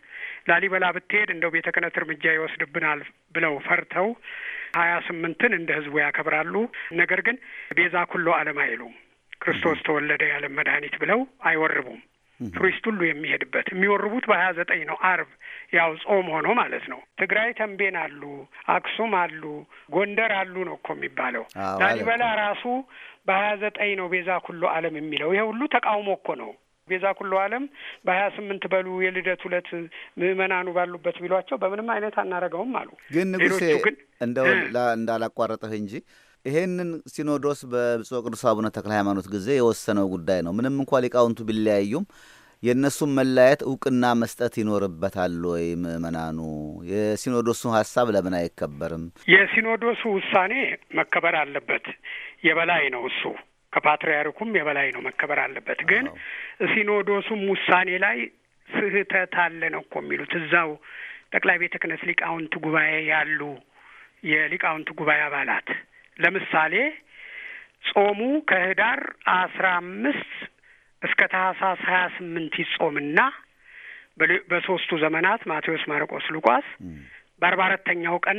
ላሊበላ ብትሄድ እንደው ቤተ ክህነት እርምጃ ይወስድብናል ብለው ፈርተው ሀያ ስምንትን እንደ ህዝቡ ያከብራሉ። ነገር ግን ቤዛ ኩሎ ዓለም አይሉም ክርስቶስ ተወለደ ያለም መድኃኒት ብለው አይወርቡም። ቱሪስት ሁሉ የሚሄድበት የሚወርቡት በሀያ ዘጠኝ ነው አርብ ያው ጾም ሆኖ ማለት ነው። ትግራይ ተንቤን አሉ፣ አክሱም አሉ፣ ጎንደር አሉ ነው እኮ የሚባለው። ላሊበላ ራሱ በሀያ ዘጠኝ ነው ቤዛ ኩሎ ዓለም የሚለው ይሄ ሁሉ ተቃውሞ እኮ ነው። ቤዛ ኩሎ ዓለም በሀያ ስምንት በሉ የልደት ሁለት ምእመናኑ ባሉበት ቢሏቸው በምንም አይነት አናረገውም አሉ። ግን ንጉሴ እንደው እንዳላቋረጠህ እንጂ ይሄንን ሲኖዶስ በብፁዕ ወቅዱስ አቡነ ተክለ ሃይማኖት ጊዜ የወሰነው ጉዳይ ነው። ምንም እንኳ ሊቃውንቱ ቢለያዩም የእነሱም መለያየት እውቅና መስጠት ይኖርበታል ወይ? ምእመናኑ የሲኖዶሱ ሀሳብ ለምን አይከበርም? የሲኖዶሱ ውሳኔ መከበር አለበት። የበላይ ነው እሱ ከፓትርያርኩም የበላይ ነው፣ መከበር አለበት። ግን ሲኖዶሱም ውሳኔ ላይ ስህተት አለ ነው እኮ የሚሉት እዛው ጠቅላይ ቤተ ክህነት ሊቃውንት ጉባኤ ያሉ የሊቃውንት ጉባኤ አባላት ለምሳሌ ጾሙ ከህዳር አስራ አምስት እስከ ታህሳስ ሀያ ስምንት ይጾምና በሶስቱ ዘመናት ማቴዎስ፣ ማርቆስ፣ ሉቃስ በአርባ አራተኛው ቀን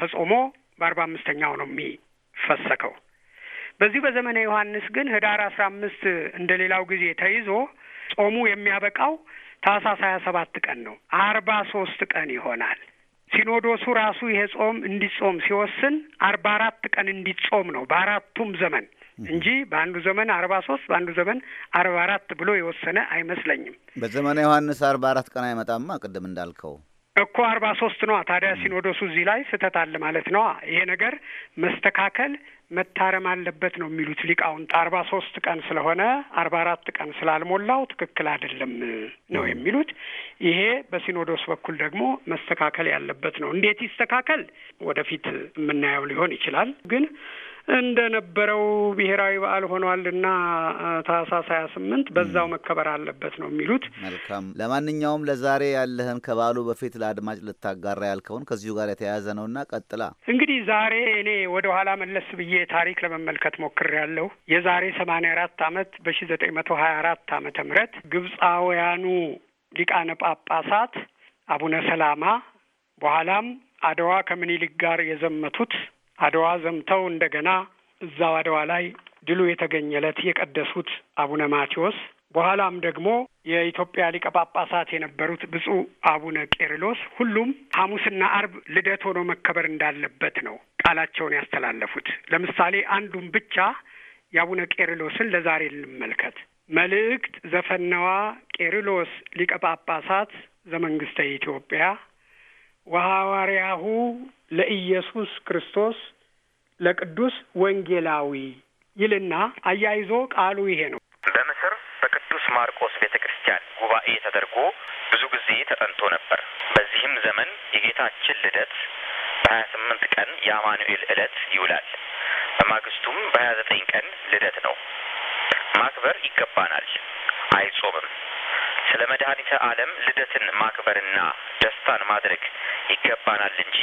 ተጾሞ በአርባ አምስተኛው ነው የሚፈሰከው። በዚህ በዘመነ ዮሐንስ ግን ህዳር አስራ አምስት እንደ ሌላው ጊዜ ተይዞ ጾሙ የሚያበቃው ታህሳስ ሀያ ሰባት ቀን ነው። አርባ ሶስት ቀን ይሆናል። ሲኖዶሱ ራሱ ይሄ ጾም እንዲጾም ሲወስን አርባ አራት ቀን እንዲጾም ነው በአራቱም ዘመን እንጂ በአንዱ ዘመን አርባ ሶስት በአንዱ ዘመን አርባ አራት ብሎ የወሰነ አይመስለኝም። በዘመነ ዮሐንስ አርባ አራት ቀን አይመጣማ ቅድም እንዳልከው እኮ አርባ ሶስት ነዋ። ታዲያ ሲኖዶሱ እዚህ ላይ ስህተት አለ ማለት ነዋ። ይሄ ነገር መስተካከል መታረም አለበት ነው የሚሉት ሊቃውንት። አርባ ሶስት ቀን ስለሆነ አርባ አራት ቀን ስላልሞላው ትክክል አይደለም ነው የሚሉት። ይሄ በሲኖዶስ በኩል ደግሞ መስተካከል ያለበት ነው። እንዴት ይስተካከል? ወደፊት የምናየው ሊሆን ይችላል ግን እንደነበረው ብሔራዊ በዓል ሆኗልና ታህሳስ ሀያ ስምንት በዛው መከበር አለበት ነው የሚሉት። መልካም። ለማንኛውም ለዛሬ ያለህን ከባሉ በፊት ለአድማጭ ልታጋራ ያልከውን ከዚሁ ጋር የተያያዘ ነውና ቀጥላ። እንግዲህ ዛሬ እኔ ወደ ኋላ መለስ ብዬ ታሪክ ለመመልከት ሞክር ያለው የዛሬ ሰማንያ አራት አመት በሺ ዘጠኝ መቶ ሀያ አራት አመተ ምህረት ግብፃውያኑ ሊቃነ ጳጳሳት አቡነ ሰላማ በኋላም አድዋ ከምኒልክ ጋር የዘመቱት አድዋ ዘምተው እንደገና እዛው አድዋ ላይ ድሉ የተገኘለት የቀደሱት አቡነ ማቴዎስ በኋላም ደግሞ የኢትዮጵያ ሊቀ ጳጳሳት የነበሩት ብፁዕ አቡነ ቄርሎስ ሁሉም ሐሙስና አርብ ልደት ሆኖ መከበር እንዳለበት ነው ቃላቸውን ያስተላለፉት። ለምሳሌ አንዱን ብቻ የአቡነ ቄርሎስን ለዛሬ እንመልከት። መልእክት ዘፈነዋ ቄርሎስ ሊቀ ጳጳሳት ዘመንግስተ ኢትዮጵያ ወሐዋርያሁ ለኢየሱስ ክርስቶስ ለቅዱስ ወንጌላዊ ይልና አያይዞ ቃሉ ይሄ ነው። በምስር በቅዱስ ማርቆስ ቤተ ክርስቲያን ጉባኤ ተደርጎ ብዙ ጊዜ ተጠንቶ ነበር። በዚህም ዘመን የጌታችን ልደት በሀያ ስምንት ቀን የአማኑኤል ዕለት ይውላል። በማግስቱም በሀያ ዘጠኝ ቀን ልደት ነው። ማክበር ይገባናል። አይጾምም። ስለ መድኃኒተ ዓለም ልደትን ማክበርና ደስታን ማድረግ ይገባናል እንጂ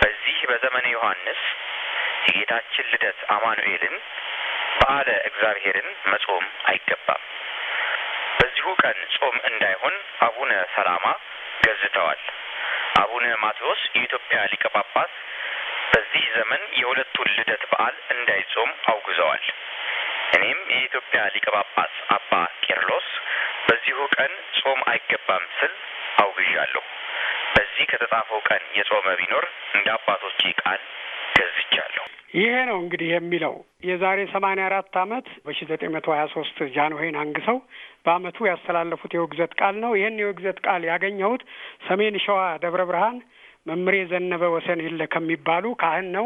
በዚህ በዘመነ ዮሐንስ የጌታችን ልደት አማኑኤልን በዓለ እግዚአብሔርን መጾም አይገባም። በዚሁ ቀን ጾም እንዳይሆን አቡነ ሰላማ ገዝተዋል። አቡነ ማቴዎስ የኢትዮጵያ ሊቀ ጳጳስ በዚህ ዘመን የሁለቱን ልደት በዓል እንዳይጾም አውግዘዋል። እኔም የኢትዮጵያ ሊቀ ጳጳስ አባ ቄርሎስ በዚሁ ቀን ጾም አይገባም ስል አውግዣለሁ። በዚህ ከተጻፈው ቀን የጾመ ቢኖር እንደ አባቶች ቃል ገዝቻለሁ። ይሄ ነው እንግዲህ የሚለው የዛሬ ሰማንያ አራት አመት በሺ ዘጠኝ መቶ ሀያ ሶስት ጃንሆይን አንግሰው በአመቱ ያስተላለፉት የውግዘት ቃል ነው። ይህን የውግዘት ቃል ያገኘሁት ሰሜን ሸዋ ደብረ ብርሃን መምሬ ዘነበ ወሰን የለ ከሚባሉ ካህን ነው።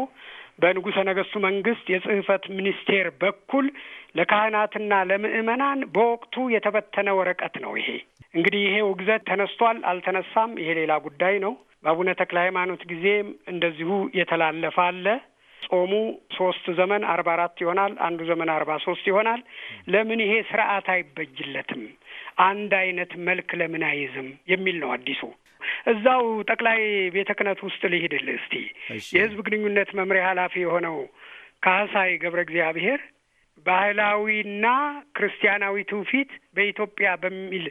በንጉሠ ነገሥቱ መንግስት የጽህፈት ሚኒስቴር በኩል ለካህናትና ለምእመናን በወቅቱ የተበተነ ወረቀት ነው። ይሄ እንግዲህ ይሄ ውግዘት ተነስቷል አልተነሳም፣ ይሄ ሌላ ጉዳይ ነው። በአቡነ ተክለ ሃይማኖት ጊዜም እንደዚሁ የተላለፈ አለ። ጾሙ ሶስት ዘመን አርባ አራት ይሆናል፣ አንዱ ዘመን አርባ ሶስት ይሆናል። ለምን ይሄ ስርዓት አይበጅለትም? አንድ አይነት መልክ ለምን አይዝም የሚል ነው አዲሱ እዛው ጠቅላይ ቤተ ክህነት ውስጥ ልሂድል እስቲ የህዝብ ግንኙነት መምሪያ ኃላፊ የሆነው ካህሳይ ገብረ እግዚአብሔር ባህላዊና ክርስቲያናዊ ትውፊት በኢትዮጵያ በሚል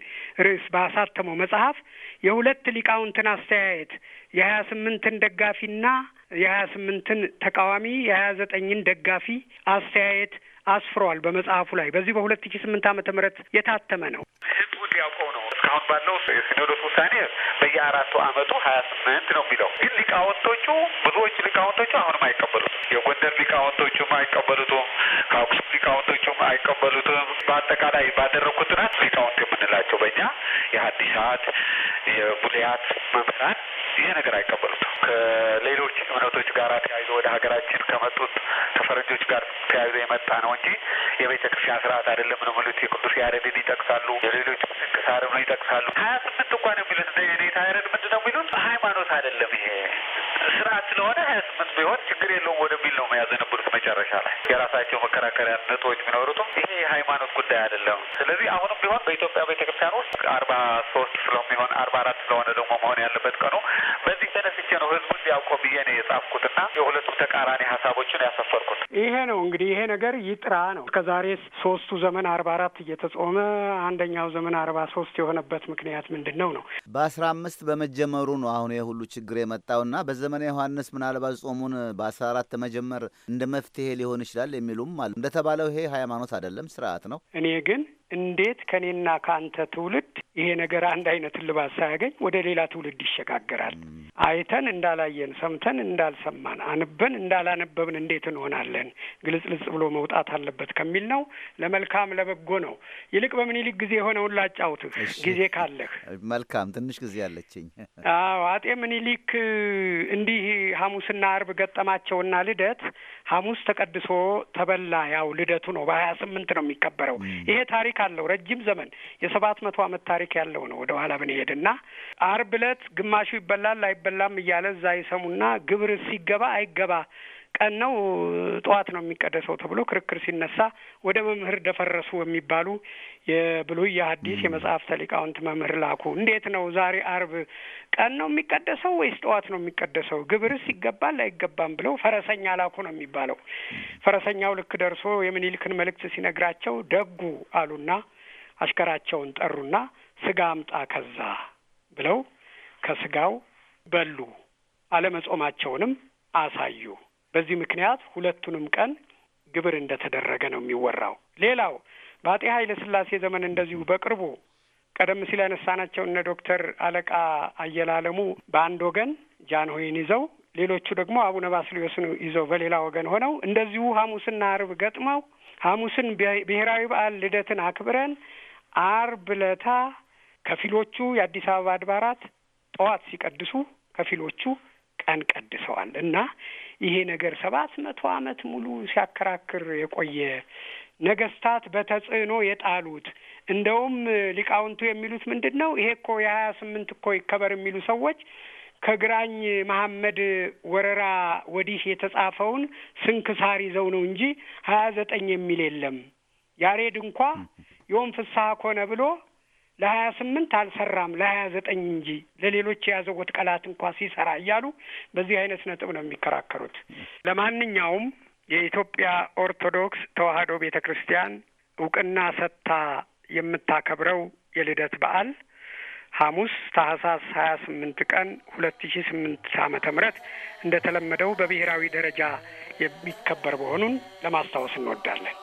ርዕስ ባሳተመው መጽሐፍ የሁለት ሊቃውንትን አስተያየት የሀያ ስምንትን ደጋፊና የሀያ ስምንትን ተቃዋሚ የሀያ ዘጠኝን ደጋፊ አስተያየት አስፍሯል። በመጽሐፉ ላይ በዚህ በሁለት ሺ ስምንት ዓመተ ምህረት የታተመ ነው። ህዝቡ እንዲያውቀው ነው እስካሁን ባለው የሲኖዶስ ውሳኔ በየአራቱ አመቱ ሀያ ስምንት ነው የሚለው ግን ሊቃውንቶቹ ብዙዎች ሊቃውንቶቹ አሁንም አይቀበሉትም። የጎንደር ሊቃውንቶቹም አይቀበሉትም። ከአክሱም ሊቃውንቶቹም አይቀበሉትም። በአጠቃላይ ባደረግኩት ጥናት ሊቃውንት የምንላቸው በእኛ የሀዲሳት የቡሊያት መምህራን ይሄ ነገር አይቀበሉት። ከሌሎች እምነቶች ጋር ተያይዞ ወደ ሀገራችን ከመጡት ከፈረንጆች ጋር ተያይዞ የመጣ ነው እንጂ የቤተ ክርስቲያን ስርዓት አይደለም ነው የሚሉት። የቅዱስ ያሬድን ይጠቅሳሉ፣ የሌሎች ቅሳርም ነው ይጠቅሳሉ። ሀያ ስምንት እንኳን የሚሉት እነ የኔታ ያሬድ ምንድን ነው የሚሉት? ሃይማኖት አይደለም ይሄ ስራ ስለሆነ ምን ቢሆን ችግር የለውም ወደሚል ነው መያዝ መጨረሻ ላይ የራሳቸው መከራከሪያ ነጥቦች ቢኖሩትም ይሄ የሃይማኖት ጉዳይ አይደለም። ስለዚህ አሁንም ቢሆን በኢትዮጵያ ቤተክርስቲያን ውስጥ አርባ ሶስት ስለሚሆን አርባ አራት ስለሆነ ደግሞ መሆን ያለበት ቀኑ በዚህ ነው ህዝቡ እንዲያውቀው ብዬ ነው የጻፍኩትና የሁለቱም ተቃራኒ ሀሳቦችን ያሰፈርኩት ይሄ ነው። እንግዲህ ይሄ ነገር ይጥራ ነው። እስከዛሬ ሶስቱ ዘመን አርባ አራት እየተጾመ አንደኛው ዘመን አርባ ሶስት የሆነበት ምክንያት ምንድን ነው ነው በአስራ አምስት በመጀመሩ ነው አሁን የሁሉ ችግር የመጣውና በዘመነ ዮሐንስ ምናልባት ጾሙን በአስራ አራት መጀመር እንደ መፍትሄ ሊሆን ይችላል የሚሉም አሉ። እንደተባለው ይሄ ሃይማኖት አይደለም፣ ስርዓት ነው። እኔ ግን እንዴት ከእኔና ከአንተ ትውልድ ይሄ ነገር አንድ አይነት እልባት ሳያገኝ ወደ ሌላ ትውልድ ይሸጋገራል? አይተን እንዳላየን ሰምተን እንዳልሰማን አንበን እንዳላነበብን እንዴት እንሆናለን? ግልጽ ልጽ ብሎ መውጣት አለበት ከሚል ነው። ለመልካም ለበጎ ነው። ይልቅ በምኒልክ ጊዜ የሆነውን ላጫውትህ ጊዜ ካለህ። መልካም ትንሽ ጊዜ አለችኝ። አዎ አጤ ምኒልክ እንዲህ ሐሙስና አርብ ገጠማቸውና ልደት ሐሙስ ተቀድሶ ተበላ። ያው ልደቱ ነው። በሀያ ስምንት ነው የሚከበረው። ይሄ ታሪክ አለው ረጅም ዘመን የሰባት መቶ ዓመት ታሪክ ያለው ነው። ወደ ኋላ ብንሄድ እና አርብ ዕለት ግማሹ ይበላል አይበላም እያለ እዛ ይሰሙና ግብር ሲገባ አይገባ ቀን ነው ጠዋት ነው የሚቀደሰው ተብሎ ክርክር ሲነሳ ወደ መምህር ደፈረሱ የሚባሉ የብሉይ የሐዲስ የመጽሐፍ ተሊቃውንት መምህር ላኩ። እንዴት ነው ዛሬ አርብ ቀን ነው የሚቀደሰው ወይስ ጠዋት ነው የሚቀደሰው? ግብርስ ይገባል አይገባም ብለው ፈረሰኛ ላኩ ነው የሚባለው። ፈረሰኛው ልክ ደርሶ የምኒልክን መልእክት ሲነግራቸው ደጉ አሉና አሽከራቸውን ጠሩና ስጋ አምጣ ከዛ ብለው ከስጋው በሉ። አለመጾማቸውንም አሳዩ። በዚህ ምክንያት ሁለቱንም ቀን ግብር እንደተደረገ ነው የሚወራው። ሌላው በአጤ ኃይለ ስላሴ ዘመን እንደዚሁ በቅርቡ ቀደም ሲል ያነሳናቸው እነ ዶክተር አለቃ አየላለሙ በአንድ ወገን ጃንሆይን ይዘው ሌሎቹ ደግሞ አቡነ ባስልዮስን ይዘው በሌላ ወገን ሆነው እንደዚሁ ሐሙስና አርብ ገጥመው ሐሙስን ብሔራዊ በዓል ልደትን አክብረን አርብ ለታ ከፊሎቹ የአዲስ አበባ አድባራት ጠዋት ሲቀድሱ፣ ከፊሎቹ ቀን ቀድሰዋል እና ይሄ ነገር ሰባት መቶ ዓመት ሙሉ ሲያከራክር የቆየ ነገስታት በተጽዕኖ የጣሉት እንደውም ሊቃውንቱ የሚሉት ምንድን ነው? ይሄ እኮ የሀያ ስምንት እኮ ይከበር የሚሉ ሰዎች ከግራኝ መሐመድ ወረራ ወዲህ የተጻፈውን ስንክሳር ይዘው ነው እንጂ ሀያ ዘጠኝ የሚል የለም። ያሬድ እንኳ ዮም ፍስሐ ኮነ ብሎ ለሀያ ስምንት አልሰራም ለሀያ ዘጠኝ እንጂ ለሌሎች የያዘወት ቀላት እንኳ ሲሰራ እያሉ በዚህ አይነት ነጥብ ነው የሚከራከሩት። ለማንኛውም የኢትዮጵያ ኦርቶዶክስ ተዋህዶ ቤተ ክርስቲያን እውቅና ሰጥታ የምታከብረው የልደት በዓል ሐሙስ ታህሳስ ሀያ ስምንት ቀን ሁለት ሺ ስምንት ዓመተ ምህረት እንደተለመደው በብሔራዊ ደረጃ የሚከበር መሆኑን ለማስታወስ እንወዳለን።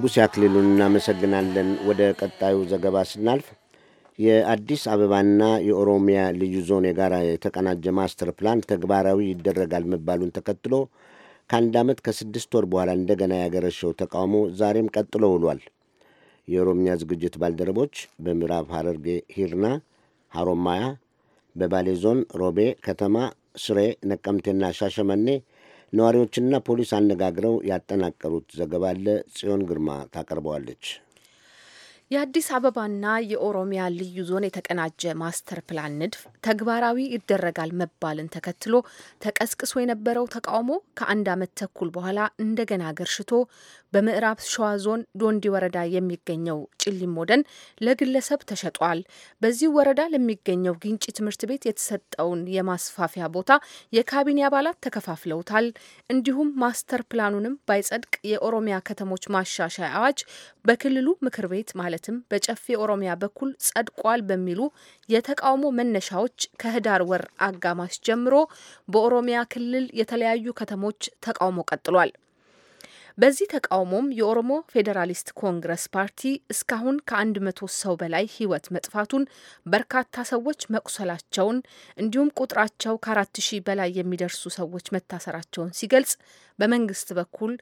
ንጉሥ ያክሊሉን እናመሰግናለን። ወደ ቀጣዩ ዘገባ ስናልፍ የአዲስ አበባና የኦሮሚያ ልዩ ዞን የጋራ የተቀናጀ ማስተር ፕላን ተግባራዊ ይደረጋል መባሉን ተከትሎ ከአንድ ዓመት ከስድስት ወር በኋላ እንደገና ያገረሸው ተቃውሞ ዛሬም ቀጥሎ ውሏል። የኦሮሚያ ዝግጅት ባልደረቦች በምዕራብ ሐረርጌ ሂርና ሐሮማያ፣ በባሌ ዞን ሮቤ ከተማ፣ ስሬ፣ ነቀምቴና ሻሸመኔ ነዋሪዎችና ፖሊስ አነጋግረው ያጠናቀሩት ዘገባ አለ። ጽዮን ግርማ ታቀርበዋለች። የአዲስ አበባና የኦሮሚያ ልዩ ዞን የተቀናጀ ማስተር ፕላን ንድፍ ተግባራዊ ይደረጋል መባልን ተከትሎ ተቀስቅሶ የነበረው ተቃውሞ ከአንድ ዓመት ተኩል በኋላ እንደገና ገርሽቶ በምዕራብ ሸዋ ዞን ዶንዲ ወረዳ የሚገኘው ጭሊም ሞደን ለግለሰብ ተሸጧል። በዚህ ወረዳ ለሚገኘው ግንጭ ትምህርት ቤት የተሰጠውን የማስፋፊያ ቦታ የካቢኔ አባላት ተከፋፍለውታል። እንዲሁም ማስተር ፕላኑንም ባይጸድቅ የኦሮሚያ ከተሞች ማሻሻያ አዋጅ በክልሉ ምክር ቤት ማለትም በጨፌ ኦሮሚያ በኩል ጸድቋል በሚሉ የተቃውሞ መነሻዎች ከህዳር ወር አጋማሽ ጀምሮ በኦሮሚያ ክልል የተለያዩ ከተሞች ተቃውሞ ቀጥሏል። በዚህ ተቃውሞም የኦሮሞ ፌዴራሊስት ኮንግረስ ፓርቲ እስካሁን ከአንድ መቶ ሰው በላይ ህይወት መጥፋቱን በርካታ ሰዎች መቁሰላቸውን እንዲሁም ቁጥራቸው ከአራት ሺህ በላይ የሚደርሱ ሰዎች መታሰራቸውን ሲገልጽ በመንግስት በኩል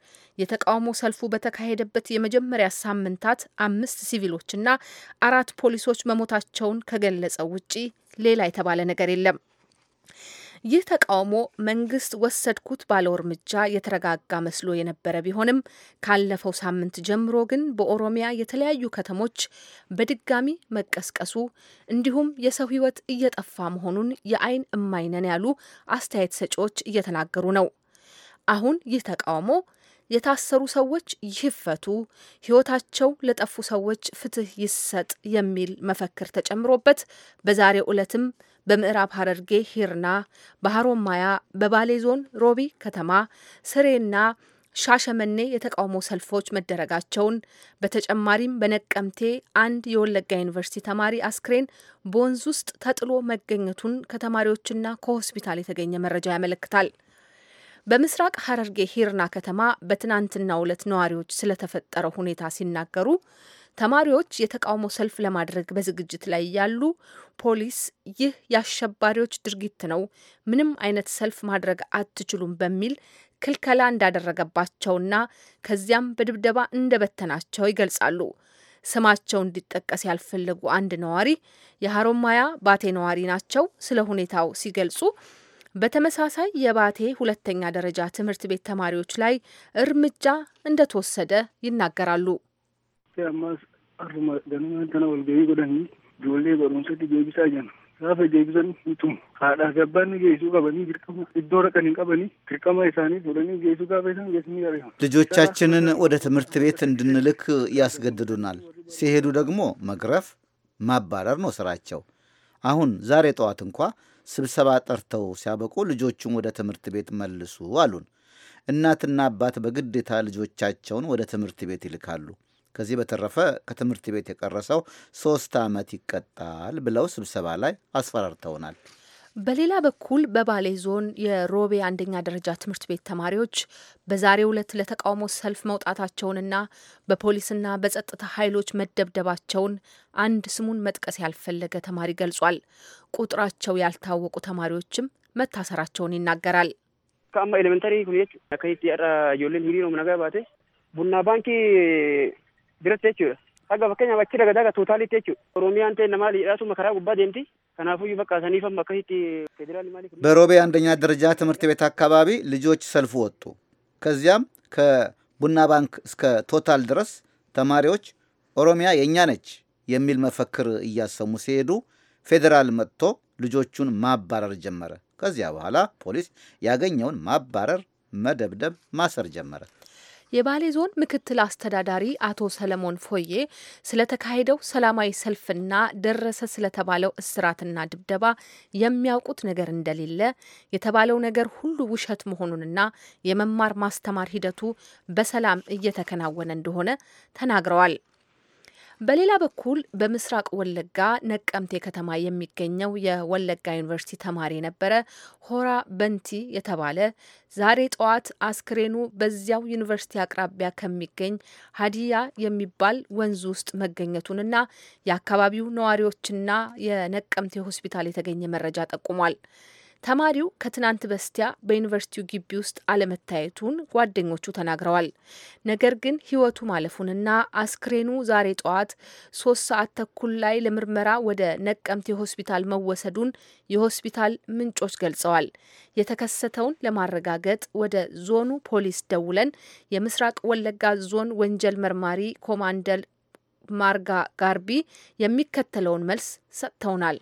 የተቃውሞ ሰልፉ በተካሄደበት የመጀመሪያ ሳምንታት አምስት ሲቪሎችና አራት ፖሊሶች መሞታቸውን ከገለጸው ውጪ ሌላ የተባለ ነገር የለም። ይህ ተቃውሞ መንግስት ወሰድኩት ባለው እርምጃ የተረጋጋ መስሎ የነበረ ቢሆንም ካለፈው ሳምንት ጀምሮ ግን በኦሮሚያ የተለያዩ ከተሞች በድጋሚ መቀስቀሱ እንዲሁም የሰው ሕይወት እየጠፋ መሆኑን የአይን እማይነን ያሉ አስተያየት ሰጪዎች እየተናገሩ ነው። አሁን ይህ ተቃውሞ የታሰሩ ሰዎች ይፈቱ፣ ህይወታቸው ለጠፉ ሰዎች ፍትህ ይሰጥ የሚል መፈክር ተጨምሮበት በዛሬው ዕለትም በምዕራብ ሐረርጌ ሂርና፣ በሐሮማያ በባሌ ዞን ሮቢ ከተማ፣ ስሬና ሻሸመኔ የተቃውሞ ሰልፎች መደረጋቸውን በተጨማሪም በነቀምቴ አንድ የወለጋ ዩኒቨርሲቲ ተማሪ አስክሬን በወንዝ ውስጥ ተጥሎ መገኘቱን ከተማሪዎችና ከሆስፒታል የተገኘ መረጃ ያመለክታል። በምስራቅ ሐረርጌ ሂርና ከተማ በትናንትናው ዕለት ነዋሪዎች ስለተፈጠረው ሁኔታ ሲናገሩ ተማሪዎች የተቃውሞ ሰልፍ ለማድረግ በዝግጅት ላይ ያሉ ፖሊስ ይህ የአሸባሪዎች ድርጊት ነው፣ ምንም አይነት ሰልፍ ማድረግ አትችሉም በሚል ክልከላ እንዳደረገባቸውና ከዚያም በድብደባ እንደበተናቸው ይገልጻሉ። ስማቸው እንዲጠቀስ ያልፈለጉ አንድ ነዋሪ የሀሮማያ ባቴ ነዋሪ ናቸው። ስለ ሁኔታው ሲገልጹ በተመሳሳይ የባቴ ሁለተኛ ደረጃ ትምህርት ቤት ተማሪዎች ላይ እርምጃ እንደተወሰደ ይናገራሉ። Har'uma ganuma tana gahii godhanii ijoollee barumsatti deebisaa jiran. Gaafa deebisan mitu haadhaa fi abbaan geessuu qabanii dirqama iddoo raqan hin qabanii dirqama isaanii fuudhanii geessuu gaafa isaan geessanii yareeffam. ልጆቻችንን ወደ ትምህርት ቤት እንድንልክ ያስገድዱናል። ሲሄዱ ደግሞ መግረፍ፣ ማባረር ነው ስራቸው። አሁን ዛሬ ጠዋት እንኳ ስብሰባ ጠርተው ሲያበቁ ልጆቹን ወደ ትምህርት ቤት መልሱ አሉን። እናትና አባት በግዴታ ልጆቻቸውን ወደ ትምህርት ቤት ይልካሉ። ከዚህ በተረፈ ከትምህርት ቤት የቀረሰው ሶስት ዓመት ይቀጣል ብለው ስብሰባ ላይ አስፈራርተውናል። በሌላ በኩል በባሌ ዞን የሮቤ አንደኛ ደረጃ ትምህርት ቤት ተማሪዎች በዛሬው ዕለት ለተቃውሞ ሰልፍ መውጣታቸውንና በፖሊስና በጸጥታ ኃይሎች መደብደባቸውን አንድ ስሙን መጥቀስ ያልፈለገ ተማሪ ገልጿል። ቁጥራቸው ያልታወቁ ተማሪዎችም መታሰራቸውን ይናገራል። ከአማ ኤሌመንታሪ ሁኔት ከየት ያራ ዮልን ሂሪ ነው ምናገባቴ ቡና ባንኪ biras jechuudha. Akka fakkeenyaaf achi dagadaga tuutaalitti jechuudha. Oromiyaan ta'e nama liidhaatuma karaa gubbaa deemti. ከናፉ በቃ ሰኒፈም አካሂት ፌዴራል ማለት በሮቤ አንደኛ ደረጃ ትምህርት ቤት አካባቢ ልጆች ሰልፍ ወጡ። ከዚያም ከቡና ባንክ እስከ ቶታል ድረስ ተማሪዎች ኦሮሚያ የእኛ ነች የሚል መፈክር እያሰሙ ሲሄዱ ፌዴራል መጥቶ ልጆቹን ማባረር ጀመረ። ከዚያ በኋላ ፖሊስ ያገኘውን ማባረር፣ መደብደብ፣ ማሰር ጀመረ። የባሌ ዞን ምክትል አስተዳዳሪ አቶ ሰለሞን ፎዬ ስለተካሄደው ሰላማዊ ሰልፍና ደረሰ ስለተባለው እስራትና ድብደባ የሚያውቁት ነገር እንደሌለ የተባለው ነገር ሁሉ ውሸት መሆኑንና የመማር ማስተማር ሂደቱ በሰላም እየተከናወነ እንደሆነ ተናግረዋል። በሌላ በኩል በምስራቅ ወለጋ ነቀምቴ ከተማ የሚገኘው የወለጋ ዩኒቨርሲቲ ተማሪ የነበረ ሆራ በንቲ የተባለ ዛሬ ጠዋት አስክሬኑ በዚያው ዩኒቨርሲቲ አቅራቢያ ከሚገኝ ሀዲያ የሚባል ወንዝ ውስጥ መገኘቱንና የአካባቢው ነዋሪዎችና የነቀምቴ ሆስፒታል የተገኘ መረጃ ጠቁሟል። ተማሪው ከትናንት በስቲያ በዩኒቨርሲቲው ግቢ ውስጥ አለመታየቱን ጓደኞቹ ተናግረዋል። ነገር ግን ሕይወቱ ማለፉንና አስክሬኑ ዛሬ ጠዋት ሶስት ሰዓት ተኩል ላይ ለምርመራ ወደ ነቀምቴ ሆስፒታል መወሰዱን የሆስፒታል ምንጮች ገልጸዋል። የተከሰተውን ለማረጋገጥ ወደ ዞኑ ፖሊስ ደውለን የምስራቅ ወለጋ ዞን ወንጀል መርማሪ ኮማንደር ማርጋ ጋርቢ የሚከተለውን መልስ ሰጥተውናል።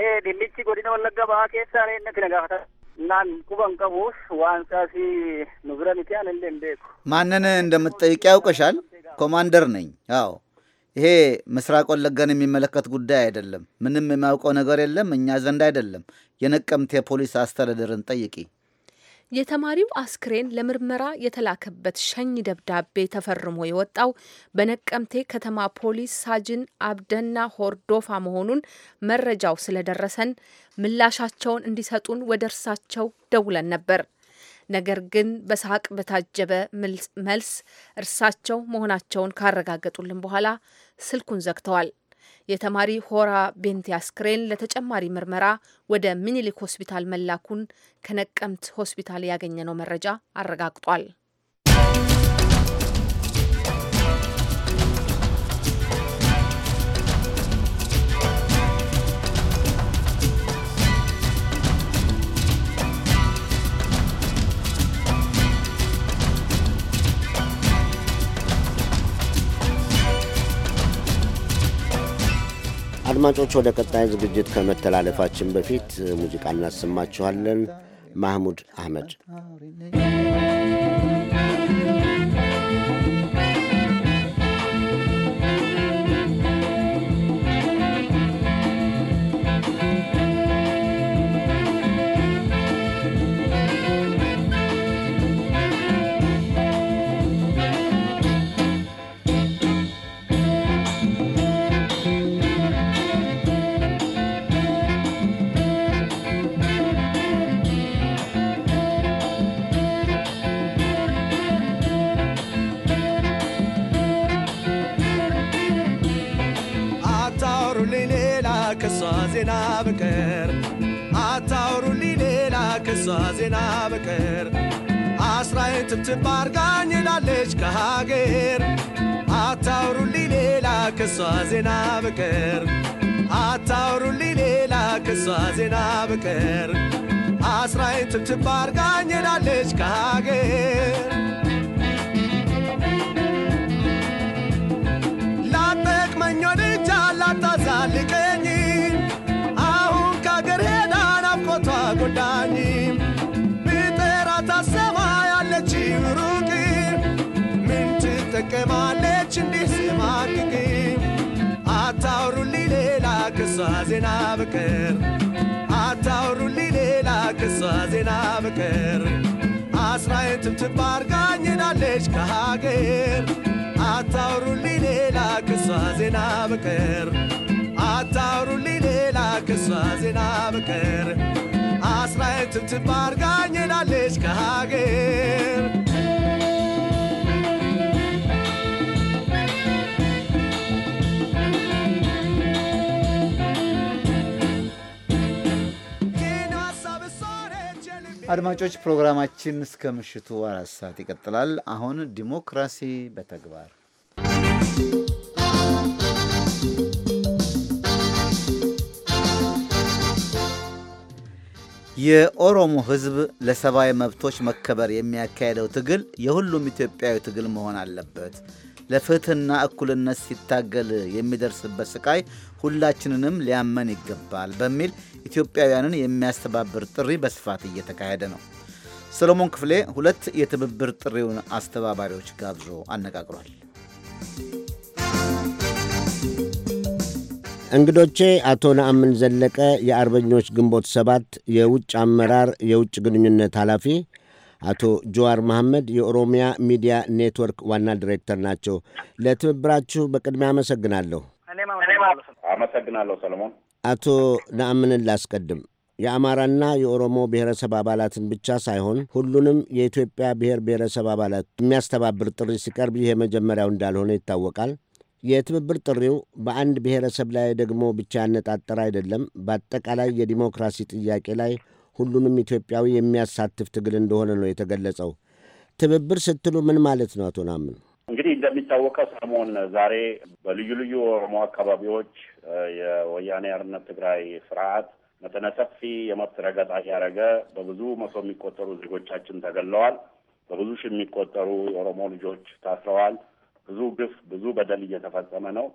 ee dhimmichi godina wallagga bahaa keessaa inni gaafataa እናን ቁበን ቀቡስ ዋንሳሲ ንብረንቲያን እንደንቤኩ ማንን እንደምትጠይቅ ያውቀሻል። ኮማንደር ነኝ። አዎ ይሄ ምስራቅ ወለጋን የሚመለከት ጉዳይ አይደለም። ምንም የማያውቀው ነገር የለም። እኛ ዘንድ አይደለም። የነቀምቴ ፖሊስ አስተዳደርን ጠይቂ። የተማሪው አስክሬን ለምርመራ የተላከበት ሸኝ ደብዳቤ ተፈርሞ የወጣው በነቀምቴ ከተማ ፖሊስ ሳጅን አብደና ሆርዶፋ መሆኑን መረጃው ስለደረሰን ምላሻቸውን እንዲሰጡን ወደ እርሳቸው ደውለን ነበር። ነገር ግን በሳቅ በታጀበ መልስ እርሳቸው መሆናቸውን ካረጋገጡልን በኋላ ስልኩን ዘግተዋል። የተማሪ ሆራ ቤንቲ አስክሬን ለተጨማሪ ምርመራ ወደ ሚኒሊክ ሆስፒታል መላኩን ከነቀምት ሆስፒታል ያገኘነው መረጃ አረጋግጧል። አድማጮች ወደ ቀጣይ ዝግጅት ከመተላለፋችን በፊት ሙዚቃ እናሰማችኋለን። ማህሙድ አህመድ ትብትብ አርጋኝ ላለች ከሀገር አታውሩልኝ ሌላ ከሷ ዜና በቀር አታውሩልኝ ሌላ ከሷ ዜና በቀር አስራኝ ትብትብ አርጋኝ ላለች ከሀገር ፍቅር አታውሩልኝ ሌላ ክሷ ዜና ፍቅር አስራዬን ትብትብ አርጋኝ ሄዳለች ከሀገር አታውሩልኝ ሌላ ክሷ ዜና ፍቅር አታውሩልኝ ሌላ ክሷ ዜና ፍቅር አስራዬን ትብትብ አርጋኝ ሄዳለች ከሀገር አድማጮች ፕሮግራማችን እስከ ምሽቱ አራት ሰዓት ይቀጥላል። አሁን ዲሞክራሲ በተግባር የኦሮሞ ሕዝብ ለሰብአዊ መብቶች መከበር የሚያካሄደው ትግል የሁሉም ኢትዮጵያዊ ትግል መሆን አለበት። ለፍትሕና እኩልነት ሲታገል የሚደርስበት ስቃይ ሁላችንንም ሊያመን ይገባል በሚል ኢትዮጵያውያንን የሚያስተባብር ጥሪ በስፋት እየተካሄደ ነው። ሰሎሞን ክፍሌ ሁለት የትብብር ጥሪውን አስተባባሪዎች ጋብዞ አነጋግሯል። እንግዶቼ አቶ ነአምን ዘለቀ የአርበኞች ግንቦት ሰባት የውጭ አመራር የውጭ ግንኙነት ኃላፊ፣ አቶ ጀዋር መሐመድ የኦሮሚያ ሚዲያ ኔትወርክ ዋና ዲሬክተር ናቸው። ለትብብራችሁ በቅድሚያ አመሰግናለሁ። እኔም አመሰግናለሁ ሰለሞን። አቶ ነአምንን ላስቀድም። የአማራና የኦሮሞ ብሔረሰብ አባላትን ብቻ ሳይሆን ሁሉንም የኢትዮጵያ ብሔር ብሔረሰብ አባላት የሚያስተባብር ጥሪ ሲቀርብ ይህ የመጀመሪያው እንዳልሆነ ይታወቃል። የትብብር ጥሪው በአንድ ብሔረሰብ ላይ ደግሞ ብቻ ያነጣጠረ አይደለም። በአጠቃላይ የዲሞክራሲ ጥያቄ ላይ ሁሉንም ኢትዮጵያዊ የሚያሳትፍ ትግል እንደሆነ ነው የተገለጸው። ትብብር ስትሉ ምን ማለት ነው አቶ ናምን? እንግዲህ እንደሚታወቀው ሰሞን ዛሬ በልዩ ልዩ ኦሮሞ አካባቢዎች የወያኔ አርነት ትግራይ ስርዓት መጠነ ሰፊ የመብት ረገጣ እያደረገ በብዙ መቶ የሚቆጠሩ ዜጎቻችን ተገለዋል። በብዙ ሺህ የሚቆጠሩ የኦሮሞ ልጆች ታስረዋል። ብዙ ግፍ፣ ብዙ በደል እየተፈጸመ ነው።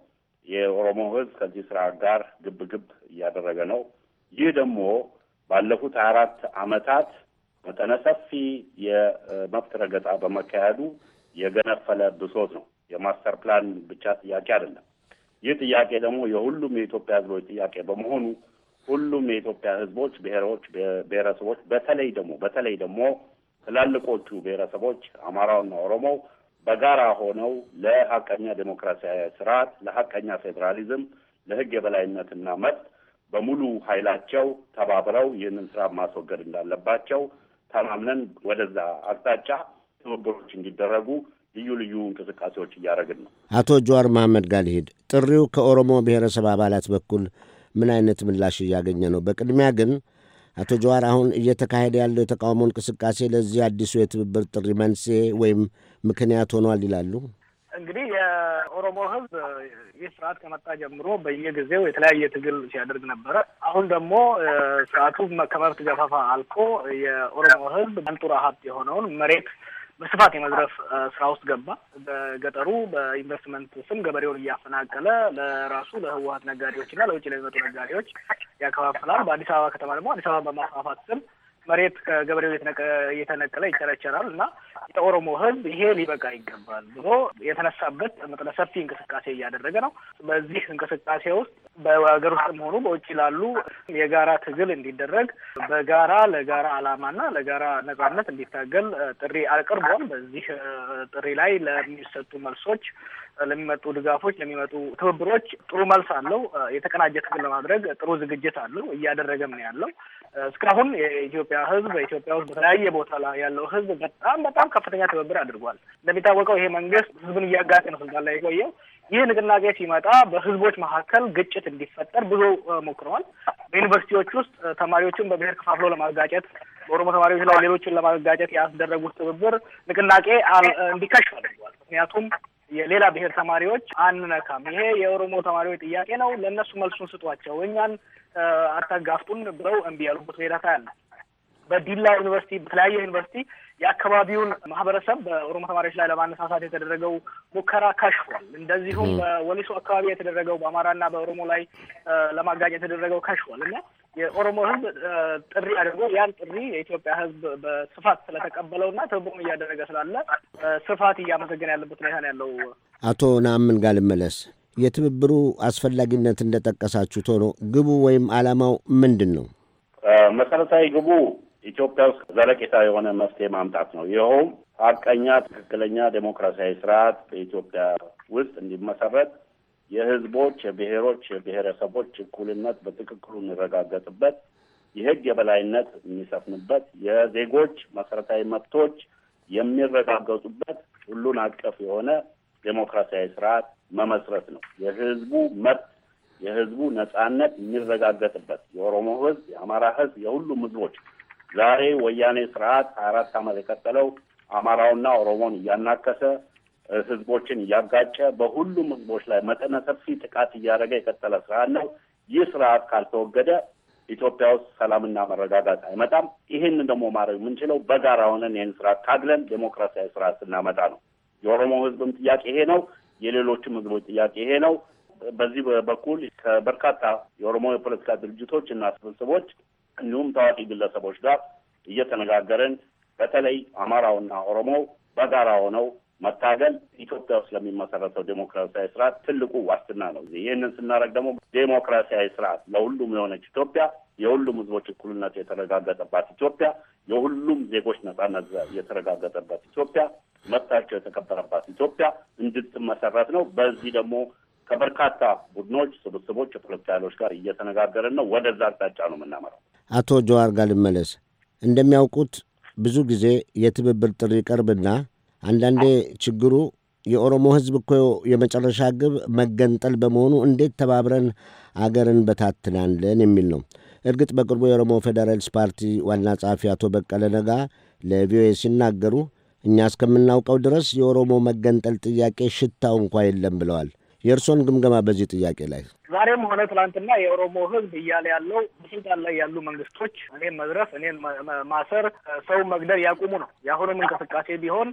የኦሮሞ ህዝብ ከዚህ ስራ ጋር ግብ ግብ እያደረገ ነው። ይህ ደግሞ ባለፉት አራት አመታት መጠነ ሰፊ የመብት ረገጣ በመካሄዱ የገነፈለ ብሶት ነው። የማስተር ፕላን ብቻ ጥያቄ አይደለም። ይህ ጥያቄ ደግሞ የሁሉም የኢትዮጵያ ሕዝቦች ጥያቄ በመሆኑ ሁሉም የኢትዮጵያ ሕዝቦች፣ ብሔሮች፣ ብሔረሰቦች በተለይ ደግሞ በተለይ ደግሞ ትላልቆቹ ብሔረሰቦች አማራውና ኦሮሞው በጋራ ሆነው ለሀቀኛ ዴሞክራሲያዊ ስርዓት፣ ለሀቀኛ ፌዴራሊዝም፣ ለህግ የበላይነትና መብት በሙሉ ኃይላቸው ተባብረው ይህንን ስራ ማስወገድ እንዳለባቸው ተማምነን ወደዛ አቅጣጫ ትብብሮች እንዲደረጉ ልዩ ልዩ እንቅስቃሴዎች እያደረግን ነው። አቶ ጀዋር መሐመድ ጋልሂድ ጥሪው ከኦሮሞ ብሔረሰብ አባላት በኩል ምን አይነት ምላሽ እያገኘ ነው? በቅድሚያ ግን አቶ ጀዋር አሁን እየተካሄደ ያለው የተቃውሞ እንቅስቃሴ ለዚህ አዲሱ የትብብር ጥሪ መንስኤ ወይም ምክንያት ሆኗል ይላሉ። እንግዲህ የኦሮሞ ህዝብ ይህ ስርዓት ከመጣ ጀምሮ በየጊዜው የተለያየ ትግል ሲያደርግ ነበረ። አሁን ደግሞ ስርዓቱ ከመብት ገፈፋ አልፎ የኦሮሞ ህዝብ አንጡራ ሀብት የሆነውን መሬት በስፋት የመዝረፍ ስራ ውስጥ ገባ። በገጠሩ በኢንቨስትመንት ስም ገበሬውን እያፈናቀለ ለራሱ ለህወሀት ነጋዴዎች እና ለውጭ ለሚመጡ ነጋዴዎች ያከፋፍላል። በአዲስ አበባ ከተማ ደግሞ አዲስ አበባ በማስፋፋት ስም መሬት ከገበሬው እየተነቀለ ይቸረቸራል እና የኦሮሞ ህዝብ ይሄ ሊበቃ ይገባል ብሎ የተነሳበት መጠነ ሰፊ እንቅስቃሴ እያደረገ ነው። በዚህ እንቅስቃሴ ውስጥ በሀገር ውስጥም ሆኑ በውጭ ላሉ የጋራ ትግል እንዲደረግ በጋራ ለጋራ ዓላማና ለጋራ ነጻነት እንዲታገል ጥሪ አቅርቧል። በዚህ ጥሪ ላይ ለሚሰጡ መልሶች፣ ለሚመጡ ድጋፎች፣ ለሚመጡ ትብብሮች ጥሩ መልስ አለው። የተቀናጀ ትግል ለማድረግ ጥሩ ዝግጅት አለው። እያደረገም ነው ያለው። እስካሁን የኢትዮጵያ ህዝብ በኢትዮጵያ ውስጥ በተለያየ ቦታ ላይ ያለው ህዝብ በጣም በጣም ከፍተኛ ትብብር አድርጓል። እንደሚታወቀው ይሄ መንግስት ህዝብን እያጋጨ ነው ስልጣን ላይ የቆየው። ይህ ንቅናቄ ሲመጣ በህዝቦች መካከል ግጭት እንዲፈጠር ብዙ ሞክረዋል። በዩኒቨርሲቲዎች ውስጥ ተማሪዎችን በብሔር ከፋፍሎ ለማጋጨት፣ በኦሮሞ ተማሪዎች ላይ ሌሎችን ለማጋጨት ያስደረጉት ትብብር ንቅናቄ እንዲከሽፍ አድርጓል። ምክንያቱም የሌላ ብሔር ተማሪዎች አንነካም፣ ይሄ የኦሮሞ ተማሪዎች ጥያቄ ነው፣ ለእነሱ መልሱን ስጧቸው፣ እኛን አታጋፍጡን ብለው እምቢ ያሉበት ሁኔታ ያለ በዲላ ዩኒቨርሲቲ በተለያየ ዩኒቨርሲቲ የአካባቢውን ማህበረሰብ በኦሮሞ ተማሪዎች ላይ ለማነሳሳት የተደረገው ሙከራ ከሽፏል። እንደዚሁም በወሊሶ አካባቢ የተደረገው በአማራና በኦሮሞ ላይ ለማጋጭ የተደረገው ከሽፏል እና የኦሮሞ ህዝብ ጥሪ አድርጎ ያን ጥሪ የኢትዮጵያ ህዝብ በስፋት ስለተቀበለውና ትብብሩን እያደረገ ስላለ ስፋት እያመሰገን ያለበት ሁኔታ ነው ያለው። አቶ ናምን ጋር ልመለስ። የትብብሩ አስፈላጊነት እንደጠቀሳችሁ ቶሎ ግቡ ወይም አላማው ምንድን ነው? መሰረታዊ ግቡ ኢትዮጵያ ውስጥ ዘለቄታ የሆነ መፍትሄ ማምጣት ነው። ይኸውም ሀቀኛ፣ ትክክለኛ ዴሞክራሲያዊ ስርዓት በኢትዮጵያ ውስጥ እንዲመሰረት የህዝቦች፣ የብሔሮች፣ የብሔረሰቦች እኩልነት በትክክሉ የሚረጋገጥበት የህግ የበላይነት የሚሰፍንበት የዜጎች መሰረታዊ መብቶች የሚረጋገጡበት ሁሉን አቀፍ የሆነ ዴሞክራሲያዊ ስርዓት መመስረት ነው። የህዝቡ መብት የህዝቡ ነጻነት የሚረጋገጥበት የኦሮሞ ህዝብ፣ የአማራ ህዝብ፣ የሁሉም ህዝቦች ዛሬ ወያኔ ስርዓት ሀያ አራት ዓመት የቀጠለው አማራውና ኦሮሞን እያናከሰ ህዝቦችን እያጋጨ በሁሉም ህዝቦች ላይ መጠነ ሰፊ ጥቃት እያደረገ የቀጠለ ስርዓት ነው። ይህ ስርዓት ካልተወገደ ኢትዮጵያ ውስጥ ሰላምና መረጋጋት አይመጣም። ይህን ደግሞ ማድረግ የምንችለው በጋራ ሆነን ይህን ስርዓት ታግለን ዴሞክራሲያዊ ስርዓት ስናመጣ ነው። የኦሮሞ ህዝብም ጥያቄ ይሄ ነው። የሌሎችም ህዝቦች ጥያቄ ይሄ ነው። በዚህ በኩል ከበርካታ የኦሮሞ የፖለቲካ ድርጅቶች እና ስብስቦች እንዲሁም ታዋቂ ግለሰቦች ጋር እየተነጋገርን በተለይ አማራውና ኦሮሞው በጋራ ሆነው መታገል ኢትዮጵያ ውስጥ ለሚመሰረተው ዴሞክራሲያዊ ስርዓት ትልቁ ዋስትና ነው። ይህንን ስናደርግ ደግሞ ዴሞክራሲያዊ ስርዓት ለሁሉም የሆነች ኢትዮጵያ፣ የሁሉም ህዝቦች እኩልነት የተረጋገጠባት ኢትዮጵያ፣ የሁሉም ዜጎች ነጻነት የተረጋገጠባት ኢትዮጵያ፣ መብታቸው የተከበረባት ኢትዮጵያ እንድትመሰረት ነው። በዚህ ደግሞ ከበርካታ ቡድኖች፣ ስብስቦች፣ የፖለቲካ ኃይሎች ጋር እየተነጋገርን ነው። ወደዛ አቅጣጫ ነው የምናመራው። አቶ ጀዋር ጋር ልመለስ። እንደሚያውቁት ብዙ ጊዜ የትብብር ጥሪ ቀርብና አንዳንዴ ችግሩ የኦሮሞ ሕዝብ እኮ የመጨረሻ ግብ መገንጠል በመሆኑ እንዴት ተባብረን አገርን በታትናለን የሚል ነው። እርግጥ በቅርቡ የኦሮሞ ፌዴራልስ ፓርቲ ዋና ጸሐፊ አቶ በቀለ ነጋ ለቪኦኤ ሲናገሩ እኛ እስከምናውቀው ድረስ የኦሮሞ መገንጠል ጥያቄ ሽታው እንኳ የለም ብለዋል። የእርስዎን ግምገማ በዚህ ጥያቄ ላይ ዛሬም ሆነ ትላንትና የኦሮሞ ሕዝብ እያለ ያለው በስልጣን ላይ ያሉ መንግስቶች እኔን መዝረፍ፣ እኔን ማሰር፣ ሰው መግደል ያቁሙ ነው። የአሁኑም እንቅስቃሴ ቢሆን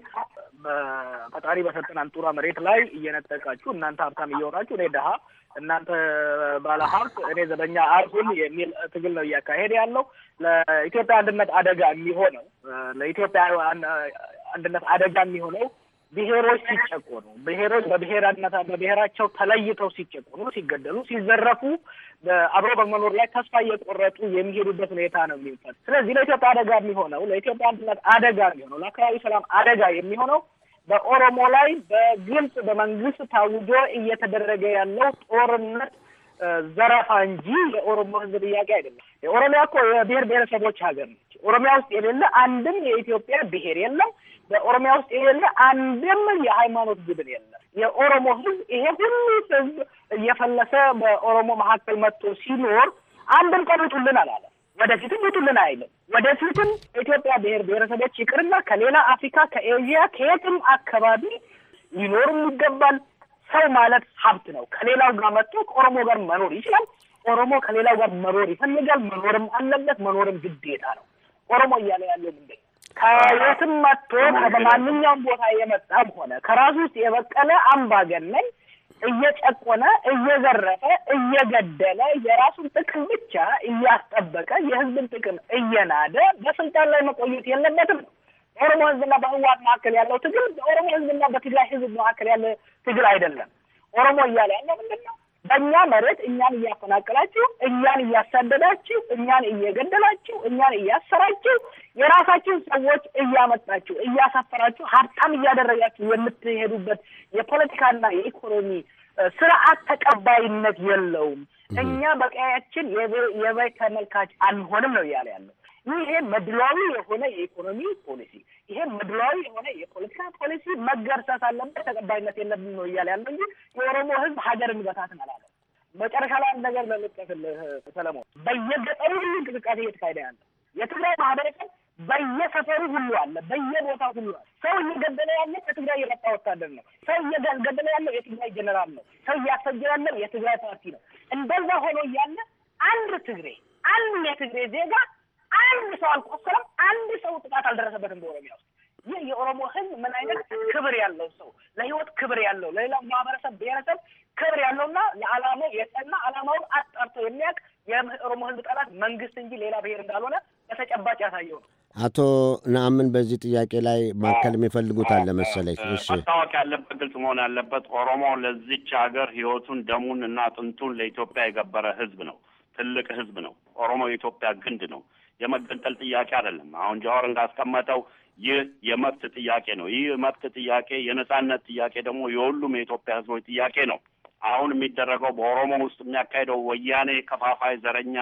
በፈጣሪ በሰጠን አንጡራ መሬት ላይ እየነጠቃችሁ እናንተ ሀብታም እየሆናችሁ እኔ ድሀ፣ እናንተ ባለ ሀብት፣ እኔ ዘበኛ አርሁል የሚል ትግል ነው እያካሄደ ያለው ለኢትዮጵያ አንድነት አደጋ የሚሆነው ለኢትዮጵያ አንድነት አደጋ የሚሆነው ብሔሮች ሲጨቆኑ ብሔሮች በብሔራነት በብሔራቸው ተለይተው ሲጨቆኑ፣ ሲገደሉ፣ ሲዘረፉ አብሮ በመኖር ላይ ተስፋ እየቆረጡ የሚሄዱበት ሁኔታ ነው የሚፈጠረው። ስለዚህ ለኢትዮጵያ አደጋ የሚሆነው ለኢትዮጵያ አንድነት አደጋ የሚሆነው ለአካባቢ ሰላም አደጋ የሚሆነው በኦሮሞ ላይ በግልጽ በመንግስት ታውጆ እየተደረገ ያለው ጦርነት ዘረፋ እንጂ የኦሮሞ ህዝብ ጥያቄ አይደለም። የኦሮሚያ እኮ የብሔር ብሔረሰቦች ሀገር ነች። ኦሮሚያ ውስጥ የሌለ አንድም የኢትዮጵያ ብሔር የለም። በኦሮሚያ ውስጥ ይሄ የለ አንድም የሃይማኖት ግብን የለ። የኦሮሞ ህዝብ ይሄ ሁሉ ህዝብ እየፈለሰ በኦሮሞ መካከል መጥቶ ሲኖር አንድም ቀን ውጡልን አላለም። ወደፊትም ውጡልን አይልም። ወደፊትም ኢትዮጵያ ብሔር ብሔረሰቦች ይቅርና ከሌላ አፍሪካ፣ ከኤዥያ፣ ከየትም አካባቢ ሊኖርም ይገባል። ሰው ማለት ሀብት ነው። ከሌላው ጋር መጥቶ ከኦሮሞ ጋር መኖር ይችላል። ኦሮሞ ከሌላው ጋር መኖር ይፈልጋል። መኖርም አለበት። መኖርም ግዴታ ነው። ኦሮሞ እያለ ያለው ምንድን ከየትም መጥቶ በማንኛውም ቦታ የመጣም ሆነ ከራሱ ውስጥ የበቀለ አምባገነን እየጨቆነ እየዘረፈ እየገደለ የራሱን ጥቅም ብቻ እያስጠበቀ የህዝብን ጥቅም እየናደ በስልጣን ላይ መቆየት የለበትም። በኦሮሞ ህዝብና በህዋት መካከል ያለው ትግል በኦሮሞ ህዝብና በትግራይ ህዝብ መካከል ያለ ትግል አይደለም። ኦሮሞ እያለ ያለው ምንድን ነው? በእኛ መሬት እኛን እያፈናቀላችሁ፣ እኛን እያሳደዳችሁ፣ እኛን እየገደላችሁ፣ እኛን እያሰራችሁ፣ የራሳችሁን ሰዎች እያመጣችሁ እያሳፈራችሁ፣ ሀብታም እያደረጋችሁ የምትሄዱበት የፖለቲካና የኢኮኖሚ ስርዓት ተቀባይነት የለውም። እኛ በቀያችን የበይ ተመልካች አንሆንም ነው እያለ ያለው። ይሄ መድሏዊ የሆነ የኢኮኖሚ ፖሊሲ፣ ይሄ መድሏዊ የሆነ የፖለቲካ ፖሊሲ መገርሰት አለበት፣ ተቀባይነት የለብም ነው እያለ ያለ እንጂ የኦሮሞ ህዝብ ሀገር እንበታትን መላለ መጨረሻ ላይ አንድ ነገር ለምጠቅልህ ሰለሞን፣ በየገጠሩ ሁሉ እንቅስቃሴ እየተካሄደ ያለ የትግራይ ማህበረሰብ በየሰፈሩ ሁሉ አለ፣ በየቦታው ሁሉ አለ። ሰው እየገደለ ያለ ከትግራይ የመጣ ወታደር ነው። ሰው እየገደለ ያለ የትግራይ ጀኔራል ነው። ሰው እያሰጀ ያለ የትግራይ ፓርቲ ነው። እንደዛ ሆኖ እያለ አንድ ትግሬ አንድ የትግሬ ዜጋ አንድ ሰው አልቆሰለም፣ አንድ ሰው ጥቃት አልደረሰበትም በኦሮሚያ ውስጥ። ይህ የኦሮሞ ህዝብ ምን አይነት ክብር ያለው ሰው ለህይወት ክብር ያለው ለሌላው ማህበረሰብ ብሔረሰብ ክብር ያለውና የአላማ የጠና አላማውን አጣርቶ የሚያውቅ የኦሮሞ ህዝብ ጠላት መንግስት እንጂ ሌላ ብሔር እንዳልሆነ በተጨባጭ ያሳየው ነው። አቶ ነአምን በዚህ ጥያቄ ላይ ማከል የሚፈልጉት አለ መሰለኝ። መታወቅ ያለበት ግልጽ መሆን ያለበት ኦሮሞ ለዚች ሀገር ህይወቱን ደሙን እና አጥንቱን ለኢትዮጵያ የገበረ ህዝብ ነው። ትልቅ ህዝብ ነው። ኦሮሞ የኢትዮጵያ ግንድ ነው። የመገንጠል ጥያቄ አይደለም። አሁን ጃዋር እንዳስቀመጠው ይህ የመብት ጥያቄ ነው። ይህ የመብት ጥያቄ፣ የነጻነት ጥያቄ ደግሞ የሁሉም የኢትዮጵያ ሕዝቦች ጥያቄ ነው። አሁን የሚደረገው በኦሮሞ ውስጥ የሚያካሄደው ወያኔ ከፋፋይ ዘረኛ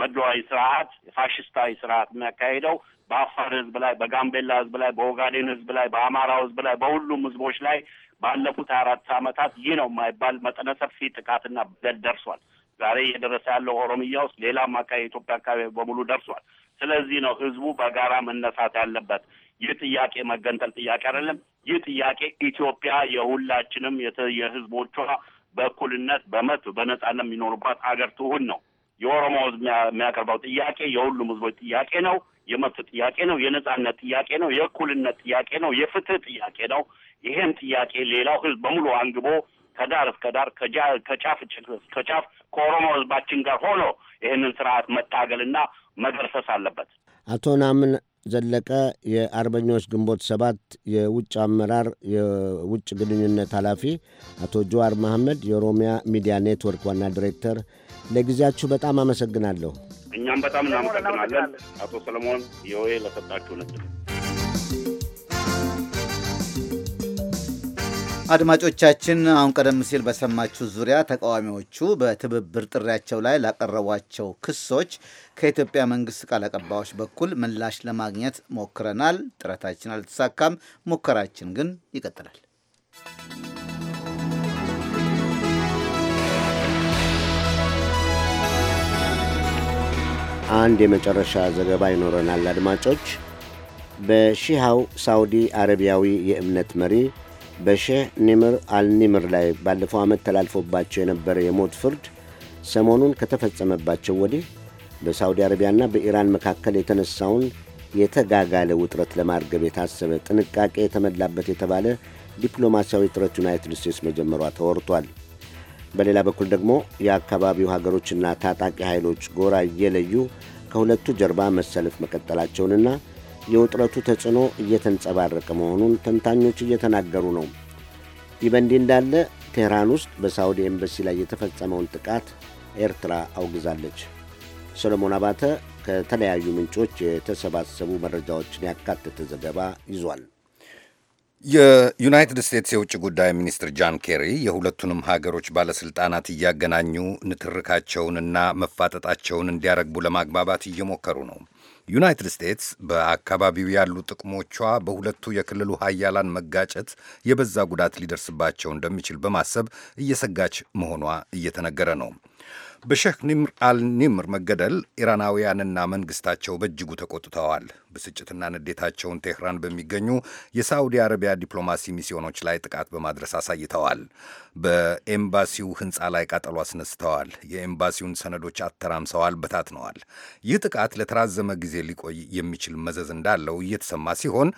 መድሏዊ ስርዓት የፋሽስታዊ ስርዓት የሚያካሄደው በአፋር ህዝብ ላይ፣ በጋምቤላ ህዝብ ላይ፣ በኦጋዴን ህዝብ ላይ፣ በአማራው ህዝብ ላይ፣ በሁሉም ህዝቦች ላይ ባለፉት አራት ዓመታት ይህ ነው የማይባል መጠነ ሰፊ ጥቃትና በደል ደርሷል። ዛሬ እየደረሰ ያለው ኦሮሚያ ውስጥ ሌላም አካባቢ የኢትዮጵያ አካባቢ በሙሉ ደርሷል። ስለዚህ ነው ህዝቡ በጋራ መነሳት ያለበት። ይህ ጥያቄ መገንጠል ጥያቄ አይደለም። ይህ ጥያቄ ኢትዮጵያ የሁላችንም የህዝቦቿ በእኩልነት በመብት በነጻነት የሚኖሩባት አገር ትሁን ነው። የኦሮሞ ህዝብ የሚያቀርበው ጥያቄ የሁሉም ህዝቦች ጥያቄ ነው። የመብት ጥያቄ ነው። የነጻነት ጥያቄ ነው። የእኩልነት ጥያቄ ነው። የፍትህ ጥያቄ ነው። ይሄን ጥያቄ ሌላው ህዝብ በሙሉ አንግቦ ከዳር እስከ ዳር ከጫፍ እስከ ጫፍ ከኦሮሞ ህዝባችን ጋር ሆኖ ይህንን ስርዓት መታገልና መገርሰስ አለበት። አቶ ናምን ዘለቀ የአርበኞች ግንቦት ሰባት የውጭ አመራር የውጭ ግንኙነት ኃላፊ፣ አቶ ጀዋር መሐመድ የኦሮሚያ ሚዲያ ኔትወርክ ዋና ዲሬክተር፣ ለጊዜያችሁ በጣም አመሰግናለሁ። እኛም በጣም እናመሰግናለን አቶ ሰለሞን የወይ ለሰጣችሁ ዕድል። አድማጮቻችን አሁን ቀደም ሲል በሰማችሁ ዙሪያ ተቃዋሚዎቹ በትብብር ጥሪያቸው ላይ ላቀረቧቸው ክሶች ከኢትዮጵያ መንግስት ቃል አቀባዮች በኩል ምላሽ ለማግኘት ሞክረናል። ጥረታችን አልተሳካም። ሙከራችን ግን ይቀጥላል። አንድ የመጨረሻ ዘገባ ይኖረናል አድማጮች። በሺሃው ሳውዲ አረቢያዊ የእምነት መሪ በሼህ ኒምር አልኒምር ላይ ባለፈው ዓመት ተላልፎባቸው የነበረ የሞት ፍርድ ሰሞኑን ከተፈጸመባቸው ወዲህ በሳዑዲ አረቢያና በኢራን መካከል የተነሳውን የተጋጋለ ውጥረት ለማርገብ የታሰበ ጥንቃቄ የተሞላበት የተባለ ዲፕሎማሲያዊ ጥረት ዩናይትድ ስቴትስ መጀመሯ ተወርቷል። በሌላ በኩል ደግሞ የአካባቢው ሀገሮችና ታጣቂ ኃይሎች ጎራ እየለዩ ከሁለቱ ጀርባ መሰለፍ መቀጠላቸውንና የውጥረቱ ተጽዕኖ እየተንጸባረቀ መሆኑን ተንታኞች እየተናገሩ ነው። ይህ በእንዲህ እንዳለ ቴህራን ውስጥ በሳውዲ ኤምበሲ ላይ የተፈጸመውን ጥቃት ኤርትራ አውግዛለች። ሰሎሞን አባተ ከተለያዩ ምንጮች የተሰባሰቡ መረጃዎችን ያካተተ ዘገባ ይዟል። የዩናይትድ ስቴትስ የውጭ ጉዳይ ሚኒስትር ጃን ኬሪ የሁለቱንም ሀገሮች ባለሥልጣናት እያገናኙ ንትርካቸውንና መፋጠጣቸውን እንዲያረግቡ ለማግባባት እየሞከሩ ነው። ዩናይትድ ስቴትስ በአካባቢው ያሉ ጥቅሞቿ በሁለቱ የክልሉ ሀያላን መጋጨት የበዛ ጉዳት ሊደርስባቸው እንደሚችል በማሰብ እየሰጋች መሆኗ እየተነገረ ነው። በሼህ ኒምር አልኒምር መገደል ኢራናውያንና መንግስታቸው በእጅጉ ተቆጥተዋል። ብስጭትና ንዴታቸውን ቴህራን በሚገኙ የሳዑዲ አረቢያ ዲፕሎማሲ ሚስዮኖች ላይ ጥቃት በማድረስ አሳይተዋል። በኤምባሲው ህንፃ ላይ ቃጠሎ አስነስተዋል። የኤምባሲውን ሰነዶች አተራምሰዋል፣ በታትነዋል። ይህ ጥቃት ለተራዘመ ጊዜ ሊቆይ የሚችል መዘዝ እንዳለው እየተሰማ ሲሆን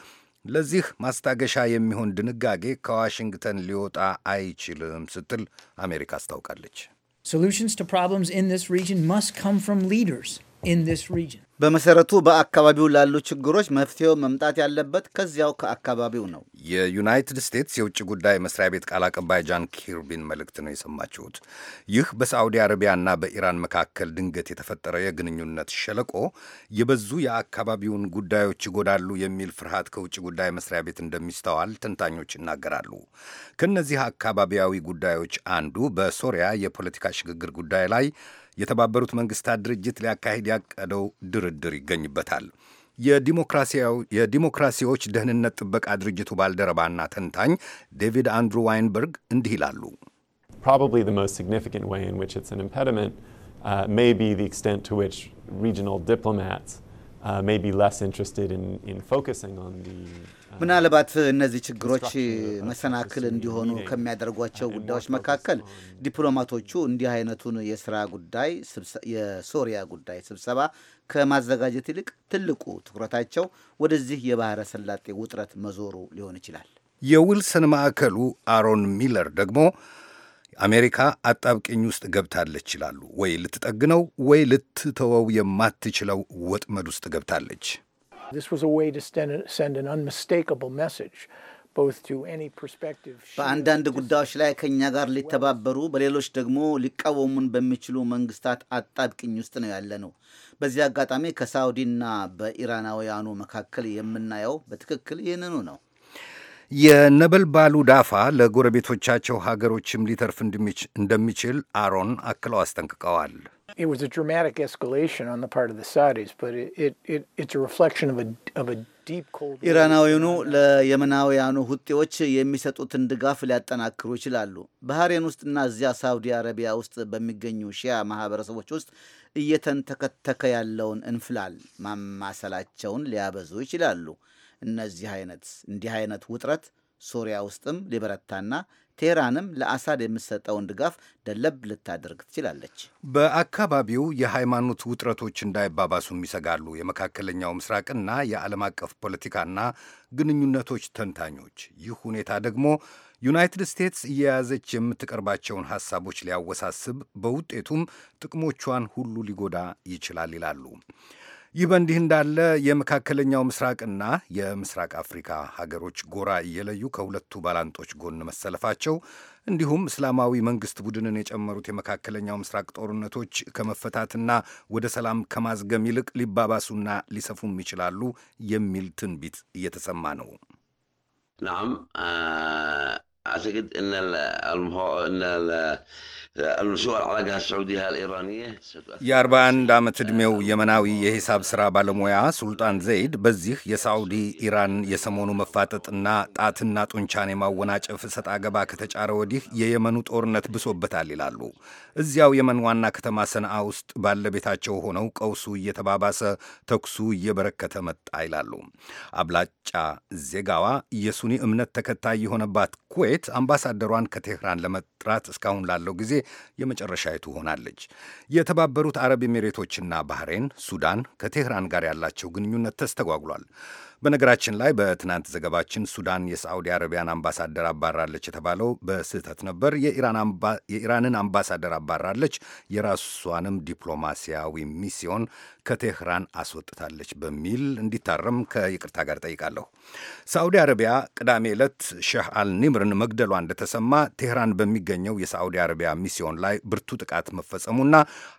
ለዚህ ማስታገሻ የሚሆን ድንጋጌ ከዋሽንግተን ሊወጣ አይችልም ስትል አሜሪካ አስታውቃለች። Solutions to problems in this region must come from leaders in this region. በመሰረቱ በአካባቢው ላሉ ችግሮች መፍትሄው መምጣት ያለበት ከዚያው ከአካባቢው ነው። የዩናይትድ ስቴትስ የውጭ ጉዳይ መስሪያ ቤት ቃል አቀባይ ጃን ኪርቢን መልእክት ነው የሰማችሁት። ይህ በሳዑዲ አረቢያና በኢራን መካከል ድንገት የተፈጠረ የግንኙነት ሸለቆ የበዙ የአካባቢውን ጉዳዮች ይጎዳሉ የሚል ፍርሃት ከውጭ ጉዳይ መስሪያ ቤት እንደሚስተዋል ተንታኞች ይናገራሉ። ከእነዚህ አካባቢያዊ ጉዳዮች አንዱ በሶሪያ የፖለቲካ ሽግግር ጉዳይ ላይ የተባበሩት መንግስታት ድርጅት ሊያካሂድ ያቀደው ድርድር ይገኝበታል። የዲሞክራሲዎች ደህንነት ጥበቃ ድርጅቱ ባልደረባና ተንታኝ ዴቪድ አንድሩ ዋይንበርግ እንዲህ ይላሉ። ፕሮባብሊ ምናልባት እነዚህ ችግሮች መሰናክል እንዲሆኑ ከሚያደርጓቸው ጉዳዮች መካከል ዲፕሎማቶቹ እንዲህ አይነቱን የስራ ጉዳይ የሶሪያ ጉዳይ ስብሰባ ከማዘጋጀት ይልቅ ትልቁ ትኩረታቸው ወደዚህ የባህረ ሰላጤ ውጥረት መዞሩ ሊሆን ይችላል። የዊልሰን ማዕከሉ አሮን ሚለር ደግሞ አሜሪካ አጣብቅኝ ውስጥ ገብታለች ይላሉ። ወይ ልትጠግነው ወይ ልትተወው የማትችለው ወጥመድ ውስጥ ገብታለች። በአንዳንድ ጉዳዮች ላይ ከእኛ ጋር ሊተባበሩ፣ በሌሎች ደግሞ ሊቃወሙን በሚችሉ መንግስታት አጣብቅኝ ውስጥ ነው ያለ ነው። በዚህ አጋጣሚ ከሳውዲና በኢራናውያኑ መካከል የምናየው በትክክል ይህንኑ ነው። የነበልባሉ ዳፋ ለጎረቤቶቻቸው ሀገሮችም ሊተርፍ እንደሚችል አሮን አክለው አስጠንቅቀዋል። It was a dramatic escalation on the part of the Saudis, but it, it, it it's a reflection of a, of a ኢራናዊውኑ ለየመናውያኑ ሁጤዎች የሚሰጡትን ድጋፍ ሊያጠናክሩ ይችላሉ። ባህሬን ውስጥና እዚያ ሳውዲ አረቢያ ውስጥ በሚገኙ ሺያ ማህበረሰቦች ውስጥ እየተንተከተከ ያለውን እንፍላል ማማሰላቸውን ሊያበዙ ይችላሉ። እነዚህ አይነት እንዲህ አይነት ውጥረት ሶሪያ ውስጥም ሊበረታና ቴህራንም ለአሳድ የምትሰጠውን ድጋፍ ደለብ ልታደርግ ትችላለች። በአካባቢው የሃይማኖት ውጥረቶች እንዳይባባሱም ይሰጋሉ የመካከለኛው ምስራቅና የዓለም አቀፍ ፖለቲካና ግንኙነቶች ተንታኞች። ይህ ሁኔታ ደግሞ ዩናይትድ ስቴትስ እየያዘች የምትቀርባቸውን ሐሳቦች ሊያወሳስብ፣ በውጤቱም ጥቅሞቿን ሁሉ ሊጎዳ ይችላል ይላሉ። ይህ በእንዲህ እንዳለ የመካከለኛው ምስራቅና የምስራቅ አፍሪካ ሀገሮች ጎራ እየለዩ ከሁለቱ ባላንጦች ጎን መሰለፋቸው እንዲሁም እስላማዊ መንግስት ቡድንን የጨመሩት የመካከለኛው ምስራቅ ጦርነቶች ከመፈታትና ወደ ሰላም ከማዝገም ይልቅ ሊባባሱና ሊሰፉም ይችላሉ የሚል ትንቢት እየተሰማ ነው። اعتقد ان ان የአርባ አንድ የ41 ዓመት ዕድሜው የመናዊ የሂሳብ ሥራ ባለሙያ ሱልጣን ዘይድ በዚህ የሳዑዲ ኢራን የሰሞኑ መፋጠጥና ጣትና ጡንቻን የማወናጨፍ እሰጥ አገባ ከተጫረ ወዲህ የየመኑ ጦርነት ብሶበታል ይላሉ። እዚያው የመን ዋና ከተማ ሰንዓ ውስጥ ባለቤታቸው ሆነው ቀውሱ እየተባባሰ ተኩሱ እየበረከተ መጣ ይላሉ። አብላጫ ዜጋዋ የሱኒ እምነት ተከታይ የሆነባት ኩዌ ኩዌት አምባሳደሯን ከቴህራን ለመጥራት እስካሁን ላለው ጊዜ የመጨረሻይቱ ሆናለች። የተባበሩት አረብ ኤሚሬቶችና ባህሬን፣ ሱዳን ከቴህራን ጋር ያላቸው ግንኙነት ተስተጓጉሏል። በነገራችን ላይ በትናንት ዘገባችን ሱዳን የሳዑዲ አረቢያን አምባሳደር አባራለች የተባለው በስህተት ነበር። የኢራንን አምባሳደር አባራለች፣ የራሷንም ዲፕሎማሲያዊ ሚስዮን ከቴህራን አስወጥታለች በሚል እንዲታረም ከይቅርታ ጋር ጠይቃለሁ። ሳዑዲ አረቢያ ቅዳሜ ዕለት ሼህ አልኒምርን መግደሏ እንደተሰማ ቴህራን በሚገኘው የሳዑዲ አረቢያ ሚስዮን ላይ ብርቱ ጥቃት መፈጸሙና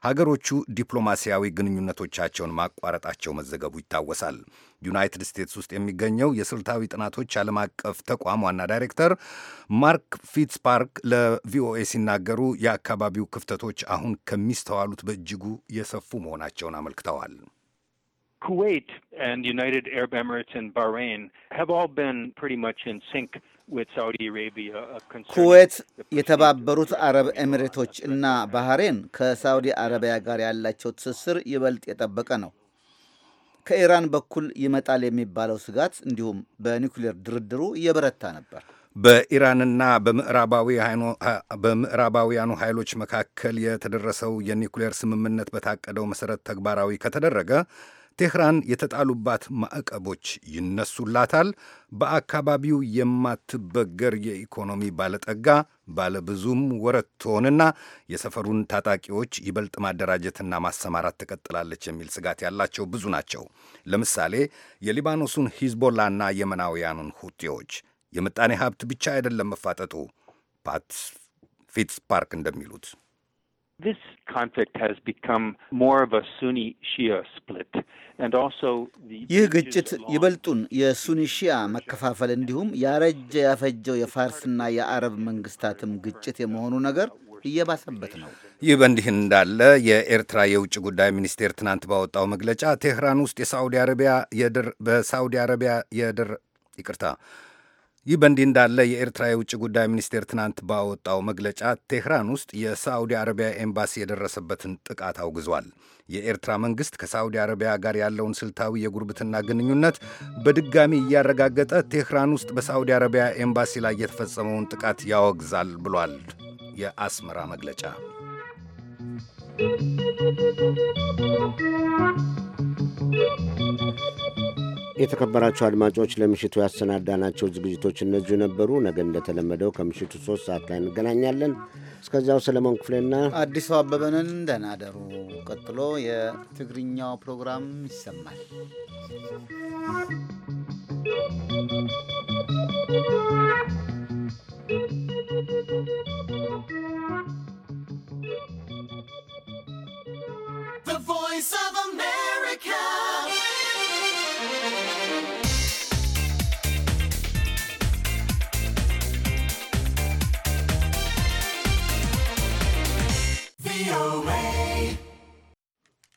ሀገሮቹ ዲፕሎማሲያዊ ግንኙነቶቻቸውን ማቋረጣቸው መዘገቡ ይታወሳል። ዩናይትድ ስቴትስ ውስጥ የሚገኘው የስልታዊ ጥናቶች ዓለም አቀፍ ተቋም ዋና ዳይሬክተር ማርክ ፊትስፓርክ ፓርክ ለቪኦኤ ሲናገሩ የአካባቢው ክፍተቶች አሁን ከሚስተዋሉት በእጅጉ የሰፉ መሆናቸውን አመልክተዋል። ገልጸዋል። ኩዌት and United አረብ Emirates and Bahrain have all been pretty much in sync ኩዌት፣ uh, የተባበሩት አረብ ኤሚሬቶች እና ባህሬን ከሳውዲ አረቢያ ጋር ያላቸው ትስስር ይበልጥ የጠበቀ ነው። ከኢራን በኩል ይመጣል የሚባለው ስጋት እንዲሁም በኒውክሌር ድርድሩ እየበረታ ነበር። በኢራንና በምዕራባውያኑ ኃይሎች መካከል የተደረሰው የኒውክሌር ስምምነት በታቀደው መሠረት ተግባራዊ ከተደረገ ቴህራን የተጣሉባት ማዕቀቦች ይነሱላታል። በአካባቢው የማትበገር የኢኮኖሚ ባለጠጋ ባለብዙም ወረት ትሆንና የሰፈሩን ታጣቂዎች ይበልጥ ማደራጀትና ማሰማራት ትቀጥላለች የሚል ስጋት ያላቸው ብዙ ናቸው። ለምሳሌ የሊባኖሱን ሂዝቦላና የመናውያኑን ሁጤዎች። የምጣኔ ሀብት ብቻ አይደለም መፋጠጡ። ፓት ፊትስ ፓርክ እንደሚሉት ይህ ግጭት ይበልጡን የሱኒ ሺያ መከፋፈል እንዲሁም ያረጀ ያፈጀው የፋርስና የአረብ መንግስታትም ግጭት የመሆኑ ነገር እየባሰበት ነው። ይህ በእንዲህ እንዳለ የኤርትራ የውጭ ጉዳይ ሚኒስቴር ትናንት ባወጣው መግለጫ ቴህራን ውስጥ የሳዑዲ አረቢያ የድር በሳዑዲ አረቢያ የድር ይቅርታ ይህ በእንዲህ እንዳለ የኤርትራ የውጭ ጉዳይ ሚኒስቴር ትናንት ባወጣው መግለጫ ቴህራን ውስጥ የሳዑዲ አረቢያ ኤምባሲ የደረሰበትን ጥቃት አውግዟል። የኤርትራ መንግሥት ከሳዑዲ አረቢያ ጋር ያለውን ስልታዊ የጉርብትና ግንኙነት በድጋሚ እያረጋገጠ ቴህራን ውስጥ በሳዑዲ አረቢያ ኤምባሲ ላይ የተፈጸመውን ጥቃት ያወግዛል ብሏል የአስመራ መግለጫ። Thank you. የተከበራቸው አድማጮች ለምሽቱ ያሰናዳናቸው ዝግጅቶች እነዚሁ ነበሩ። ነገ እንደተለመደው ከምሽቱ ሶስት ሰዓት ላይ እንገናኛለን። እስከዚያው ሰለሞን ክፍሌና አዲሱ አበበንን ደህና ደሩ። ቀጥሎ የትግርኛው ፕሮግራም ይሰማል። The Voice of America VOA.